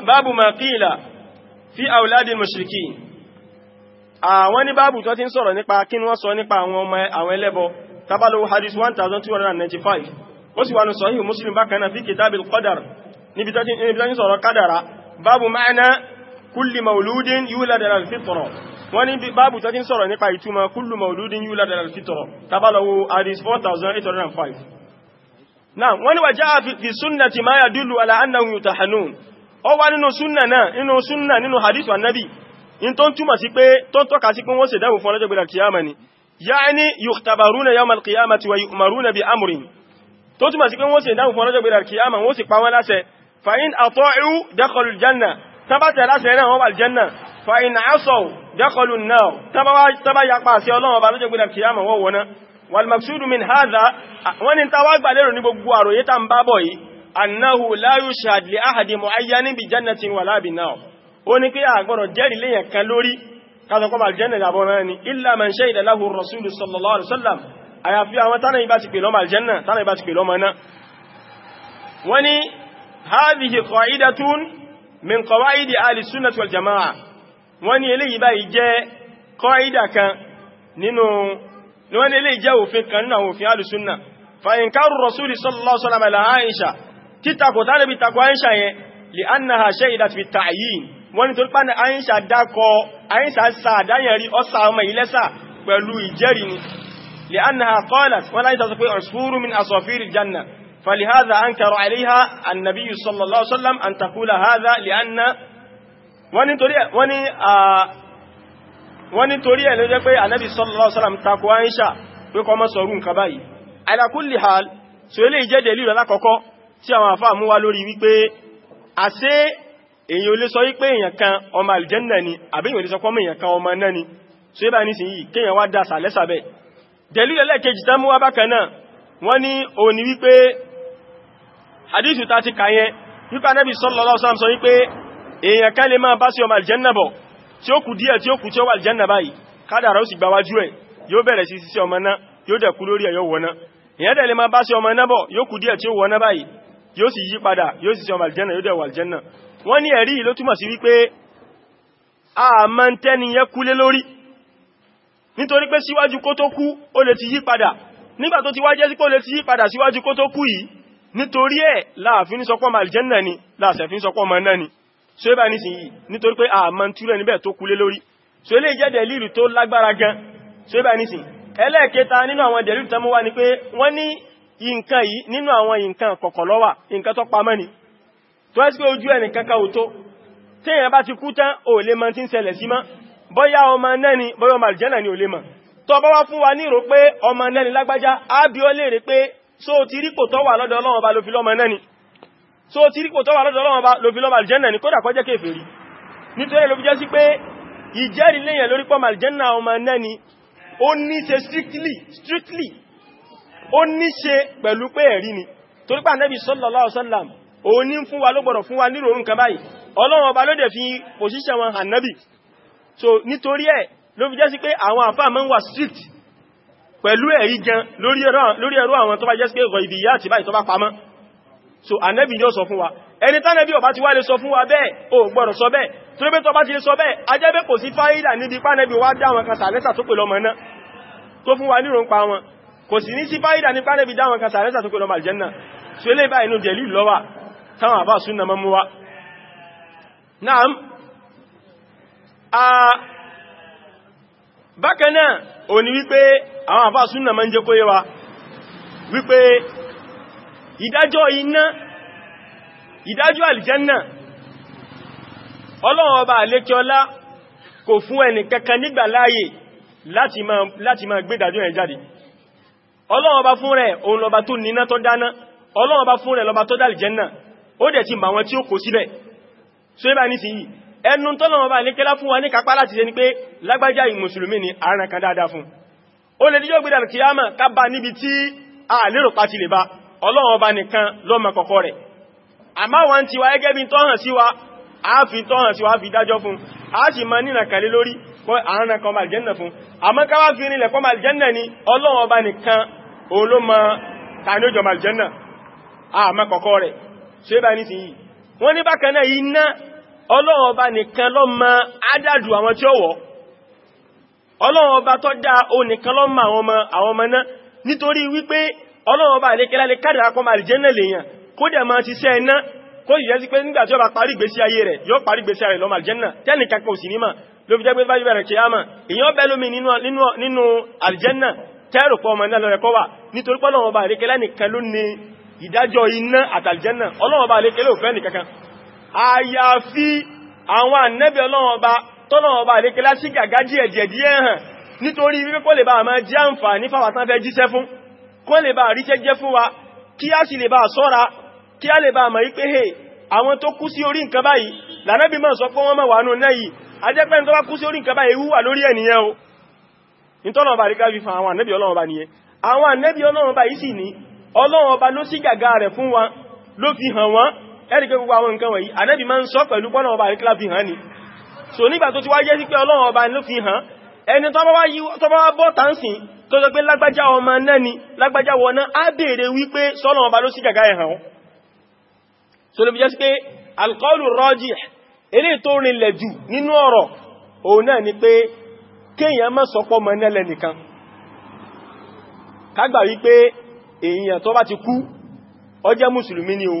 S1: bà lárọ̀ fi àwùládìn mọ̀ṣìrìkì àwọn ní báàbù tó ti ń sọ̀rọ̀ nípa kí wọ́n sọ nípa àwọn ọmọ àwọn ẹlẹ́bọ tábàlówó hadisi 1295 ó sì wà ní sọ́yìn Muslim bákan náà fi kìtàbù kọ́dàr níbi tó ti ń sọ̀rọ̀ kádàrá babu ma'ana kulli mauludin yulad ala al-fitra wọ́n ní babu tó ti ń sọ̀rọ̀ nípa ìtumọ̀ kullu mauludin yulad ala tabalawo hadith 4805 náà wọ́n ní waja'a fi sunnati ma yadullu ala annahum yutahannun ó wà nínú sunna náà nínú sunna nínú hadith annabi in tó ń túmọ̀ sí pé tó tọ́ka sí pé wọ́n ṣe dáwò fún ọlọ́jọ́ gbẹ̀rẹ̀ kìyàmà ni ya'ni yukhtabaruna yawm al-qiyamati fa'in ata'u dakhalul janna tabata lase na wọ́n wal janna fa'in asaw dakhalun nar tabawa taba ya pa se Ọlọ́run ba lọ́jọ́ gbe kiyama wo wona wal maqsudu min hadha wani tawa gba lérò ní gbogbo àròyé tá ń bá bọ̀ yìí annahu la yushad li ahadi muayyanin bi jannatin wala bi nar oni pé a gboro jẹ́rìí leyan kan lórí ka so ko bal janna wọ́n ni hadhihi qa'idatun min qawaidi ahli sunnah wal jamaa'ah wọ́n ní eléyìí báyìí jẹ́ qaida kan nínú wọ́n ní eléyìí jẹ́ òfin kan nínú òfin ahli sunnah fa inkaru rasuli sallallahu alaihi wasallam la aisha tita ko tare bi takwa aisha yẹn li annaha shahidat bi ta'yin wọ́n ní to pa na aisha da ko aisha sa da yan ri o sa ọmọ ile sa pẹ̀lú ìjẹ́rìí ni li annaha qalat wala aisha sọ pé usfuru min asafir al janna فلهذا أنكر عليها النبي صلى الله عليه وسلم أن تقول هذا لأن wọ́n nítorí ẹ̀ ló jẹ́ pé ànábì sallallahu alaihi wasallam takò àìṣà pé kó má sọ̀rọ̀ nǹkan báyìí ala kulli hal tí ó lè jẹ́ dẹ̀lú alákọ̀ọ́kọ́ tí àwọn àfáà mú wá lórí wípé àṣẹ èyàn lè sọ wípé èyàn kan ọmọ aljanna ni àbí èyàn lè sọ pọ́mọ èyàn kan ọmọ náà ni tí ó bá ní sìn yìí kéèyàn wá dá sàlẹ́sàbẹ̀ dẹ̀lú ẹlẹ́kejì tán mú wá bákan náà wọ́n ní òní wípé hadithu ta ti kàyẹ nípa nẹ́bí sallallahu alaihi wasallam sọ wípé èèyàn kan lè máa bá sí ọmọ aljanna bọ̀ tí ó kù díẹ̀ tí ó kù tí ó wà aljanna báyìí kádàrá ó sì gbà wájú ẹ̀ yóò bẹ̀rẹ̀ sí sí ọmọ náà yóò dẹ̀ kú lórí ẹ̀yọ́ wọná náà wọ́n ní ẹ̀rí ló túmọ̀ sí wípé a ma ń tẹ́ni yẹ kúlé lórí nítorí pé síwájú kó tó kú ó lè ti yí padà nígbà tó ti wá sí pé ó lè ti yí padà síwájú kó tó kú yìí nítorí ẹ̀ láàfin sọpọ̀ màlìjẹ́nà ni láàṣẹ̀fin sọpọ̀ mọ̀ náà ni so ẹbá ní sí yìí nítorí pé àmọ́ túrẹ̀ níbẹ̀ tó kulé lórí so ilé jẹ́ dẹ̀lìlù tó lágbára gan so ẹbá ní sí ẹlẹ́ẹ̀kẹta nínú àwọn dẹ̀lìlù tó wá ni pé wọ́n ní nǹkan yìí nínú àwọn nǹkan kọ̀kọ̀lọ́wà ni tó ẹ́sì pé ojú ẹnìkan ká òtó tí èèyàn bá ti kú tán ò lè mọ̀ tí ń ṣẹlẹ̀ sí ni bóyá ọmọ àlìjẹ́nà ni ò lè mọ̀ tó bá wá so ti rípò tó wà lọ́dọ̀ Ọlọ́run ba ló fi lọ́mọ náà so ti rípò tó wà lọ́dọ̀ Ọlọ́run ba ló fi lọ́mọ aljanna ni kódà kó jẹ́ kèfèrí nítorí ló fi jẹ́ sí pé ìjẹ́rìí léyàn lórí pọ́mọ aljanna ọmọ náà ni ó ní ṣe strictly strictly ó ní ṣe pẹ̀lú pé ẹ̀rí ni torí pé Ànábì sallallahu alaihi wasallam ó ní fún wa ló gbọ́dọ̀ fún wa ní ròrùn kan báyìí Ọlọ́run ọba ló dẹ̀ fi position wọn Ànábì so nítorí ẹ̀ ló fi jẹ́ sí pé àwọn àfáà máa ń wà strict pẹ̀lú ẹ̀rí gan lórí ẹ̀rọ àwọn tó bá jẹ́ pé ìgbọ̀ ìbìyà àti báyìí tó bá pamọ́ so anẹ́bì yóò sọ fún wa ẹni tánẹ́bì ọba ti wá lè sọ fún wa bẹ́ẹ̀ o gbọ́dọ̀ sọ bẹ́ẹ̀ tó lé pé tọba ti lè sọ bẹ́ẹ̀ ajẹ́bẹ́ kò sí fáyídà níbi pánẹ́bì wá dáwọn kan sàlẹ́sà tó pè lọmọ náà tó fún wa nírò ń pa wọn kò sí ní sí fáyídà ní pánẹ́bì dáwọn kan sàlẹ́sà tó pè lọmọ àlìjẹ́nà so ilé bá inú jẹ̀lú lọ́wà táwọn àbá súnnà mọ́ mú wa naam ah, bákan náà ó ní wípé àwọn àfáà súnnà máa ń jẹ́ kó yé wa wípé ìdájọ́ iná ìdájọ́ àlìjẹ́nà ọlọ́run ọba àlékiọlá kò fún ẹni kankan nígbà láàyè láti máa gbé ìdájọ́ yẹn jáde ọlọ́run ọba fún rẹ̀ ẹnu tọ́lọ̀wọ́ bá ní kẹ́lá fún wa ní kápá láti ṣe ni pé lágbájá ìmùsùlùmí ni àárín kan dáadáa fún ó lè díjọ́ gbé dàrùkì yámà ká bá níbi tí a lérò pàtí lè bá ọlọ́wọ́ bá nìkan lọ́mọ kọ̀kọ́ wa ẹgẹ́ bí wa a fi wa fi dájọ́ fún a sì ma nínà kàlẹ́ lórí àárín kan bá jẹ́nà ni ọlọ́wọ́ bá nìkan olómọ tàní ó jọ bá jẹ́nà àmọ́ kọ̀kọ́ rẹ̀ ṣe bá wọ́n ní bákan iná ọlọ́run ọba nìkan ló mọ ádàdù àwọn tí ó wọ̀ ọlọ́run ọba dá o nìkan ló mọ àwọn ọmọ àwọn ọmọ náà nítorí wípé ọlọ́run ọba àlékẹ́lá lè kádà akọ́ máa jẹ́ náà lèèyàn kó dẹ̀ máa ti sẹ́ iná kó sì jẹ́ sí pé nígbà tí ó bá parí ìgbésí ayé rẹ̀ yóò parí ìgbésí ayé lọ́mà àlìjẹ́nà tẹ́nì kankan òsì nímà ló fi jẹ́ pé bájú bẹ̀rẹ̀ kìyàmà àyàfi àwọn ànẹ́bì ọlọ́wọ́ba tọ́lọ́wọ́ba àríkẹ́ láti gàgá díẹ̀díẹ̀ díẹ̀ hàn nítorí wípé kó lè bá máa jẹ́ àǹfààní fáwàtán fẹ́ jíṣẹ́ fún kó lè bá ríṣẹ́ jẹ́ fún wa kí a sì lè bá sọ́ra kí a lè bá mọ̀ wípé hey àwọn tó kú sí orí nǹkan báyìí lànàbì mọ̀ sọ pé wọ́n mọ̀ wà nù náà yìí a jẹ́ pé tó bá kú sí orí nǹkan báyìí wúwà lórí ènìyàn o nítọ́lọ̀ bá ríká fífà àwọn ànẹ́bì ọlọ́run bá nìyẹn àwọn ànẹ́bì ọlọ́run bá yìí sì ní ọlọ́run ọba ló sí gàgá rẹ̀ fún wa ló fi hàn wọ́n ẹ̀rí pé gbogbo àwọn nǹkan wọ̀nyí ànábì máa ń sọ pẹ̀lú pọ́nà ọba àríkílá fi hàn ní so nígbà tó ti wá jẹ́ sí pé ọlọ́run ọba ló fi hàn ẹni tó bá wá bọ́ tánsìn tó sọ pé lágbájá ọmọ náà ni wípé sọ́nà so ló fi jẹ́ sí pé tó ni pé kéèyàn má sọpọ̀ mọ́ nẹ́lẹ̀ nìkan kágbà wípé èèyàn tó bá ti kú ó jẹ́ ni o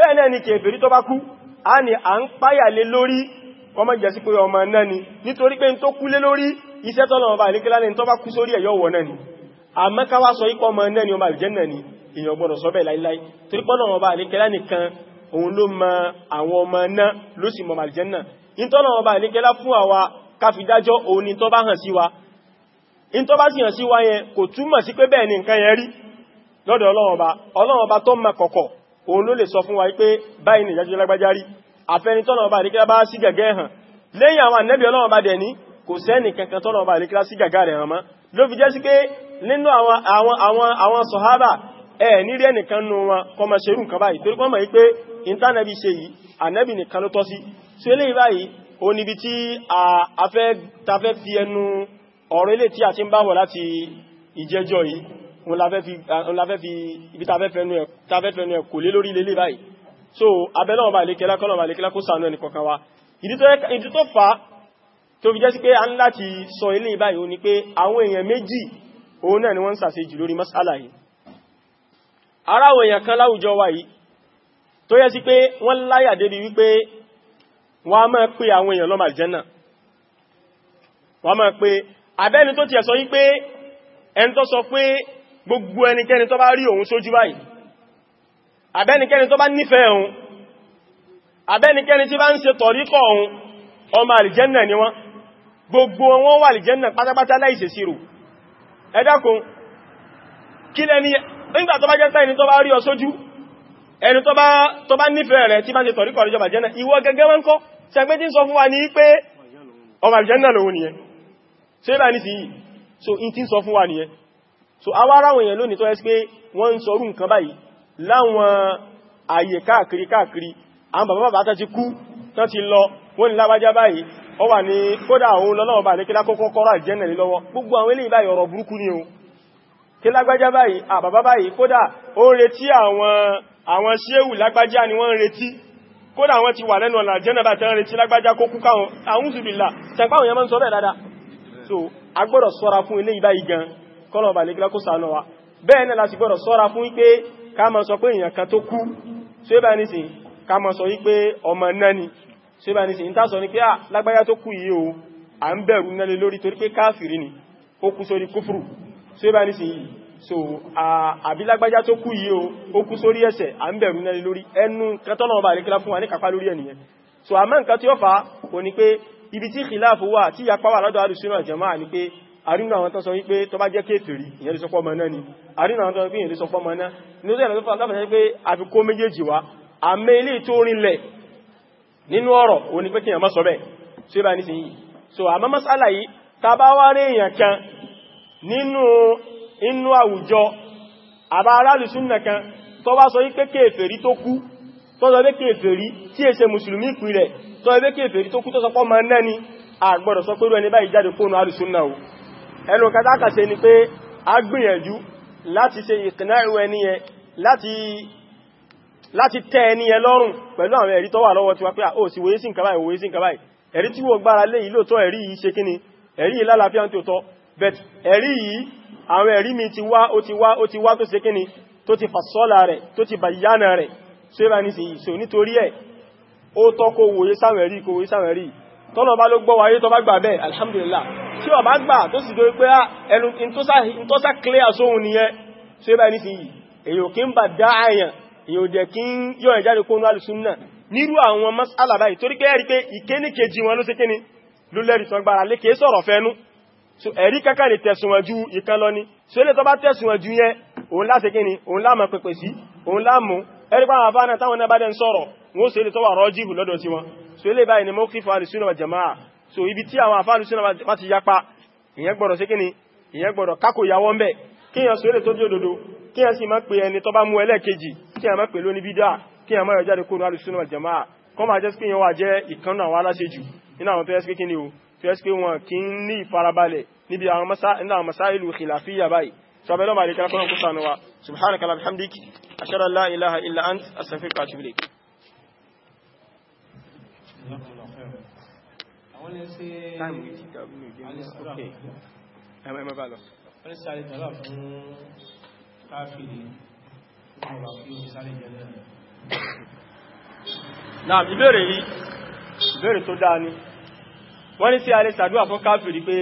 S1: bẹ́ẹ̀ náà ni kèfèrí tó bá kú a ní à ń páyà lé lórí ọmọ jẹ́sí pé ọmọ náà ni nítorí pé n tó kú lé lórí iṣẹ́ tọ́lọ̀ ọba ní ni àmọ́ ká wá sọ ipọ́ ọmọ náà ni ọmọ àrìjẹ́ náà ni èèyàn gbọ́dọ̀ sọ bẹ́ẹ̀ láíláí Ọlọ́run ọba tó bá wa in tó bá sì hàn sí wa yẹn kò túmọ̀ sí pé bẹ́ẹ̀ ni nǹkan kọ̀kọ̀ òun ló lè sọ fún wa wípé báyìí ni ìjájú lágbájá rí àfẹni tọ́nà ọba àríkílá bá sí gẹ̀gẹ́ hàn lẹ́yìn àwọn ànẹ́bí ọlọ́run ọba dẹ̀ ní kò sẹ́ni kankan tọ́nà ọba àríkílá sí gàgá rẹ̀ hàn mọ́ ló fi jẹ́ sí pé nínú àwọn sọ̀hábà ẹ̀ nírí ẹnìkan nù wọn kọmọ nǹkan báyìí torí kọmọ wípé ìntánẹ́bí ṣe yìí ànẹ́bí nìkan ló tọ́ sí tí ó báyìí ó níbi tí a fẹ́ fi ẹnu ọ̀rọ̀ ilé tí a ti ń bá wọ̀ láti ìjẹjọ́ yìí òun láfẹ́ fi ibi tàbẹ́fẹ́nu ẹ̀ kò lé lórí lélé báyìí so abẹ́lọ́wọ̀n bá lékẹ́lá kọ́lọ̀ bá lékẹ́lá kó sànú ẹnìkọ̀kan wa ìdí tó fà á tó fi jẹ́ sí pé a ń láti sọ ilé báyìí ó ní pé àwọn èèyàn méjì òun náà ni wọ́n ń sàṣejù lórí masala yìí ara àwọn èèyàn kan láwùjọ wa yìí tó yẹ sí pé wọ́n láyà débi wípé wọ́n a máa pé àwọn èèyàn lọ́mà jẹ́nà wọ́n a pé gbogbo ẹnikẹ́ni tó bá rí òun sójú báyìí àbẹ́nikẹ́ni tó bá nífẹ̀ẹ́ òun àbẹ́nikẹ́ni tí bá ń ṣe tọ̀ríkọ̀ òun ọmọ àlìjẹ́nà ni wọ́n gbogbo wọn wà àlìjẹ́nà pátápátá láìṣèṣirò ẹ dákun kí lẹ́ni nígbà tó bá jẹ́ sáyẹni tó bá rí ọ sójú ẹni tó bá nífẹ̀ẹ́ rẹ̀ tí bá ń ṣe so in ti ń sọ fún wa nìyẹn so awara àwọn èèyàn lónìí tó ẹ́ sí pé wọ́n ń sọrú nǹkan báyìí láwọn àyè káàkiri káàkiri àwọn bàbá bàbá tán ti kú tán ti lọ wọ́n ní lágbájá báyìí ó wà ní kódà òun lọ́lọ́wọ́ bá lékílá kọ́kọ́ kọ́rọ̀ ni o kí lágbájá báyìí àbàbá báyìí kódà ó ń retí àwọn àwọn ṣéwù lágbájá ni wọ́n ń so agbọ́dọ̀ sọ́ra fún eléyìí báyìí gan kọ́lọ̀ bà lè kílákò sànú wa bẹ́ẹ̀ náà láti gbọ́dọ̀ sọ́ra fún wípé ká máa sọ pé èèyàn kan tó kú tí ó bá ní sìn ká máa sọ wípé ọmọ náà ni bá ní sìn ń tàṣọ pé à ah, tó kú yìí o à ń bẹ̀rù náà lé lórí torí pé káàfìrí ni ó kú sórí kúfùrù tí bá ní sìn so àbí lágbájá tó kú yìí o ó kú sórí ẹ̀ṣẹ̀ à ń bẹ̀rù náà lé lórí ẹnu kẹtọ́nà bà lè fún wa ní kápá lórí ẹnìyẹn so àmọ́ nǹkan tí ó fà á kò ní pé ibi tí kìláàfù wà àrínú àwọn tó sọ wípé tó bá jẹ́ kéfèrí ìyẹn lè sọ pọ́ mọ́ná ni àrínú àwọn tó wípé ìyẹn lè sọ pọ́ mọ́ná ní ọjọ́ ìrìnàjò láfẹ́ pé àfikó méjèèjì wá àmẹ́ ilé tó rinlẹ̀ nínú ọ̀rọ̀ òní má sọ bẹ́ẹ̀ so àmọ́ masala yìí ta bá wá rí èèyàn kan nínú inú àwùjọ àbá aráàlùsúnnà kan tó bá sọ wípé kéfèrí tó kú tó sọ pé kéfèrí tí èṣe mùsùlùmí ìpìlẹ̀ tó sọ pé kéfèrí tó àgbọ̀dọ̀ sọ pé ẹni báyìí jáde fóònù alùsúnnà o ẹnu katáka ṣe ni pé a gbìyànjú láti se ìkìnà ìwẹ̀ ní ẹ láti tẹ́ ẹni ẹ lọ́rùn pẹ̀lú àwọn ẹ̀rí tó wà lọ́wọ́ tiwa pé ó sì wòye sí nǹkan báyìí wòye sí nǹkan báyìí ẹ̀rí tí wò gbára lé yìí lóòtọ́ ẹ̀rí yìí ṣe kíni ẹ̀rí yìí lálàáfíà tó tọ́ but ẹ̀rí yìí àwọn ẹ̀rí mi ti wá ó ti wá tọ́lọ̀ bá ló gbọ́ wáyé tọ́ bá gbà bẹ́ẹ̀ alhamdulillah tí wà bá gbà tó sì dórí pé ah, ẹnu ìntọ́sá clear sóhun nìyẹn ṣe bá ní sí yìí èyò kí ń bà dá àyàn èyò jẹ́ kí ń yọ ìjáde kónú alùsúnnà nírú àwọn masala báyìí torí pé ẹ̀rí pé ìkéní kejì wọn ló ni so ilé tó bá tẹ̀sùnwọ̀n ju yẹn òun láti kíni òun láàmà pẹ̀pẹ̀ sí òun láàmù ẹ̀rí pàwọn wọ́n sì lè tọ́wà rọ́jìbù lọ́dọ̀ sí wọn so ilé báyìí ni mawqifu alùsùnà wal jamaa so ibi tí àwọn àfáà alùsùnà wá ti yapa ìyẹn gbọ́dọ̀ sí kíni ìyẹn gbọ́dọ̀ kákò yàwó ń bẹ̀ kíyàn so ilé tó dí òdodo kíyàn sì máa pè ẹni tó bá mú ẹlẹ́ẹ̀kejì kíyàn máa pè lóní bídá kíyàn máa yọjáde kóòrò alùsùnà wal jamaa kọ́ máa jẹ́ sí kíyàn wà jẹ́ ìkànnà àwọn aláṣejù nínú àwọn tó yẹ sí kíni o tó yẹ sí pé wọn kì àwọn ẹ̀ sí alìsìtàlá fún káàfìdì fún ọ̀rọ̀ fún ìsàlẹ̀ jẹ́lẹ̀ rẹ̀ náà ìbéèrè yìí ìbéèrè tó dáa ni wọ́n ní sí alẹ́ sàdúwà fún káàfìdì pé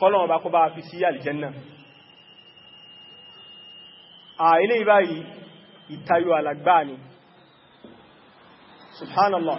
S1: kọ́lọ̀wọ̀n bá kó bá fi sí àlìjẹ́nà àìlé ìbáyìí ìtayọ alàgbà ni subhanallah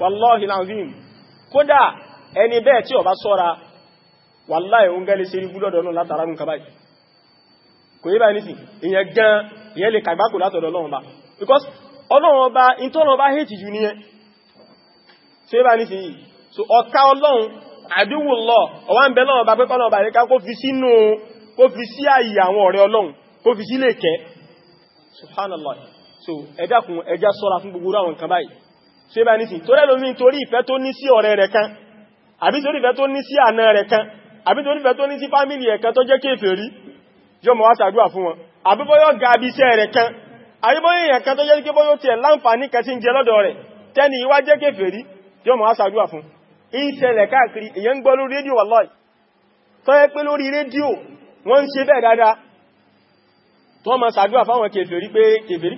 S1: wallahi lanzim kódà ẹni bẹ́ẹ̀ tí ó bá ṣọ́ra wallahi òun gẹ́lẹ́ sí ibú lọ́dọ̀ náà látara nǹkan báyìí kò yí báyìí nìsìn ìyẹn gan ìyẹn lè kàgbákò látọ̀dọ̀ ọlọ́run ba because ọlọ́run ọba ìtọ́lọ́run ọba hate jù nìyẹn ṣe báyìí so ọ̀tá ọlọ́run àdúwò lọ ọwá ń bẹ lọ́wọ́ bá pẹ́pẹ́ lọ́wọ́ bá ríká kó fi sínú kó subhanallah so ẹ dákun ẹjá ṣọ́ra fún gbogbo àwọn kan ṣe bá nísìn tó rẹ́lómi torí ìfẹ́ tó ní sí ọ̀rẹ́ rẹ̀ kan àbí torí ìfẹ́ tó ní sí àna rẹ̀ kan àbí torí ìfẹ́ tó ní sí fámílì ẹ̀ kan tó jẹ́ kéfèrí yóò mọ̀ wá ṣàdúrà fún wọn àbúbọ́yọ́ ga bí iṣẹ́ rẹ̀ kan àríbọ́yọ́ èèyàn kan tó jẹ́ kí bọ́yọ́ tiẹ̀ láǹfààní kan sí ń jẹ lọ́dọ̀ rẹ̀ tẹ́ni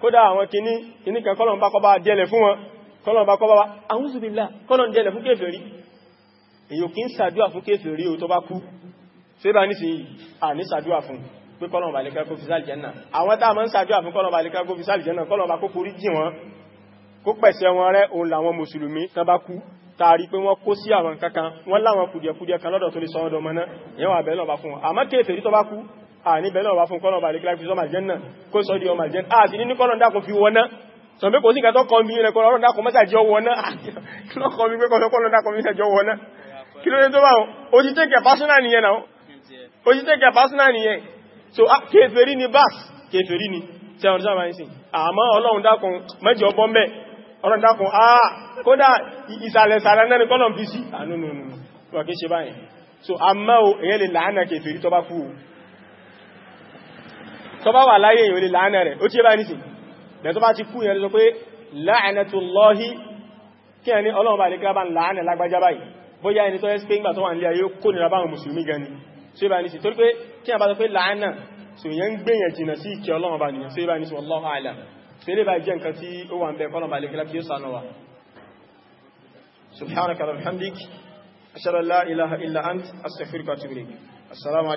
S1: kódà àwọn kìíní kìíní kan kọ́lọ̀ ń bá kọ́ bá jẹ́lẹ̀ fún wọn kọ́lọ̀ ń bá kọ́ bá àwúzùbílà kọ́lọ̀ ń jẹ́lẹ̀ fún kéfèrí èyí kí ń sàdúà fún kéfèrí o tó bá kú ṣe bá nísìnyí à ní sàdúà fún pé kọ́lọ̀ bá lè kẹ́kọ́ fi sáàlì jẹ́nà àwọn tá a máa ń sàdúà fún kọ́lọ̀ bá lè kẹ́kọ́ fi sáàlì jẹ́nà kọ́lọ̀ bá kó forí jì àníbẹ̀ náà wá fún kọ́nà bàrí kílá fi sọ́mà jẹ́ náà kó sọ́ di ọmà jẹ́ àti nínú kọ́nà dákùn fi wọná sọ̀bẹ́ kò sí kàtọ́ kan bí ilẹ̀ kọ́nà dákùn mẹ́ta jọ wọná kílọ́kọ́ mi pé kọ́nà dákùn mẹ́ta jọ wọná kí ló dé tó bá wọn ó ti tẹ́kẹ̀ nìyẹn náà ó ti tẹ́kẹ̀ nìyẹn so kèfèrí ni bas kèfèrí ni tí a ọ̀dọ́sá máa ń sìn àmọ́ ọlọ́run dákùn mẹ́jọ ọbọ́ mẹ́ ọlọ́run dákùn àà kódà ìsàlẹ̀ sàrẹ̀ náà so àmọ́ èyẹ lè láàánà kèfèrí tó tó bá wà láyé èyàn lè láàánà rẹ̀ ó tí ẹ bá nìsìn bẹ̀ tó bá ti kú yẹn sọ pé láàánàtùlọ́hí kí ẹni ọlọ́run bá lè kí bá ń láàánà lágbájá báyìí bóyá ẹni tó ẹ́ pé ńgbà tó wà nílé ayé kó nira báwọn mùsùlùmí gan ni ṣe bá nìsìn torí pé kí àbá sọ pé láàánà sọ yẹn ń gbèyàn jìnà sí ìkẹ́ ọlọ́run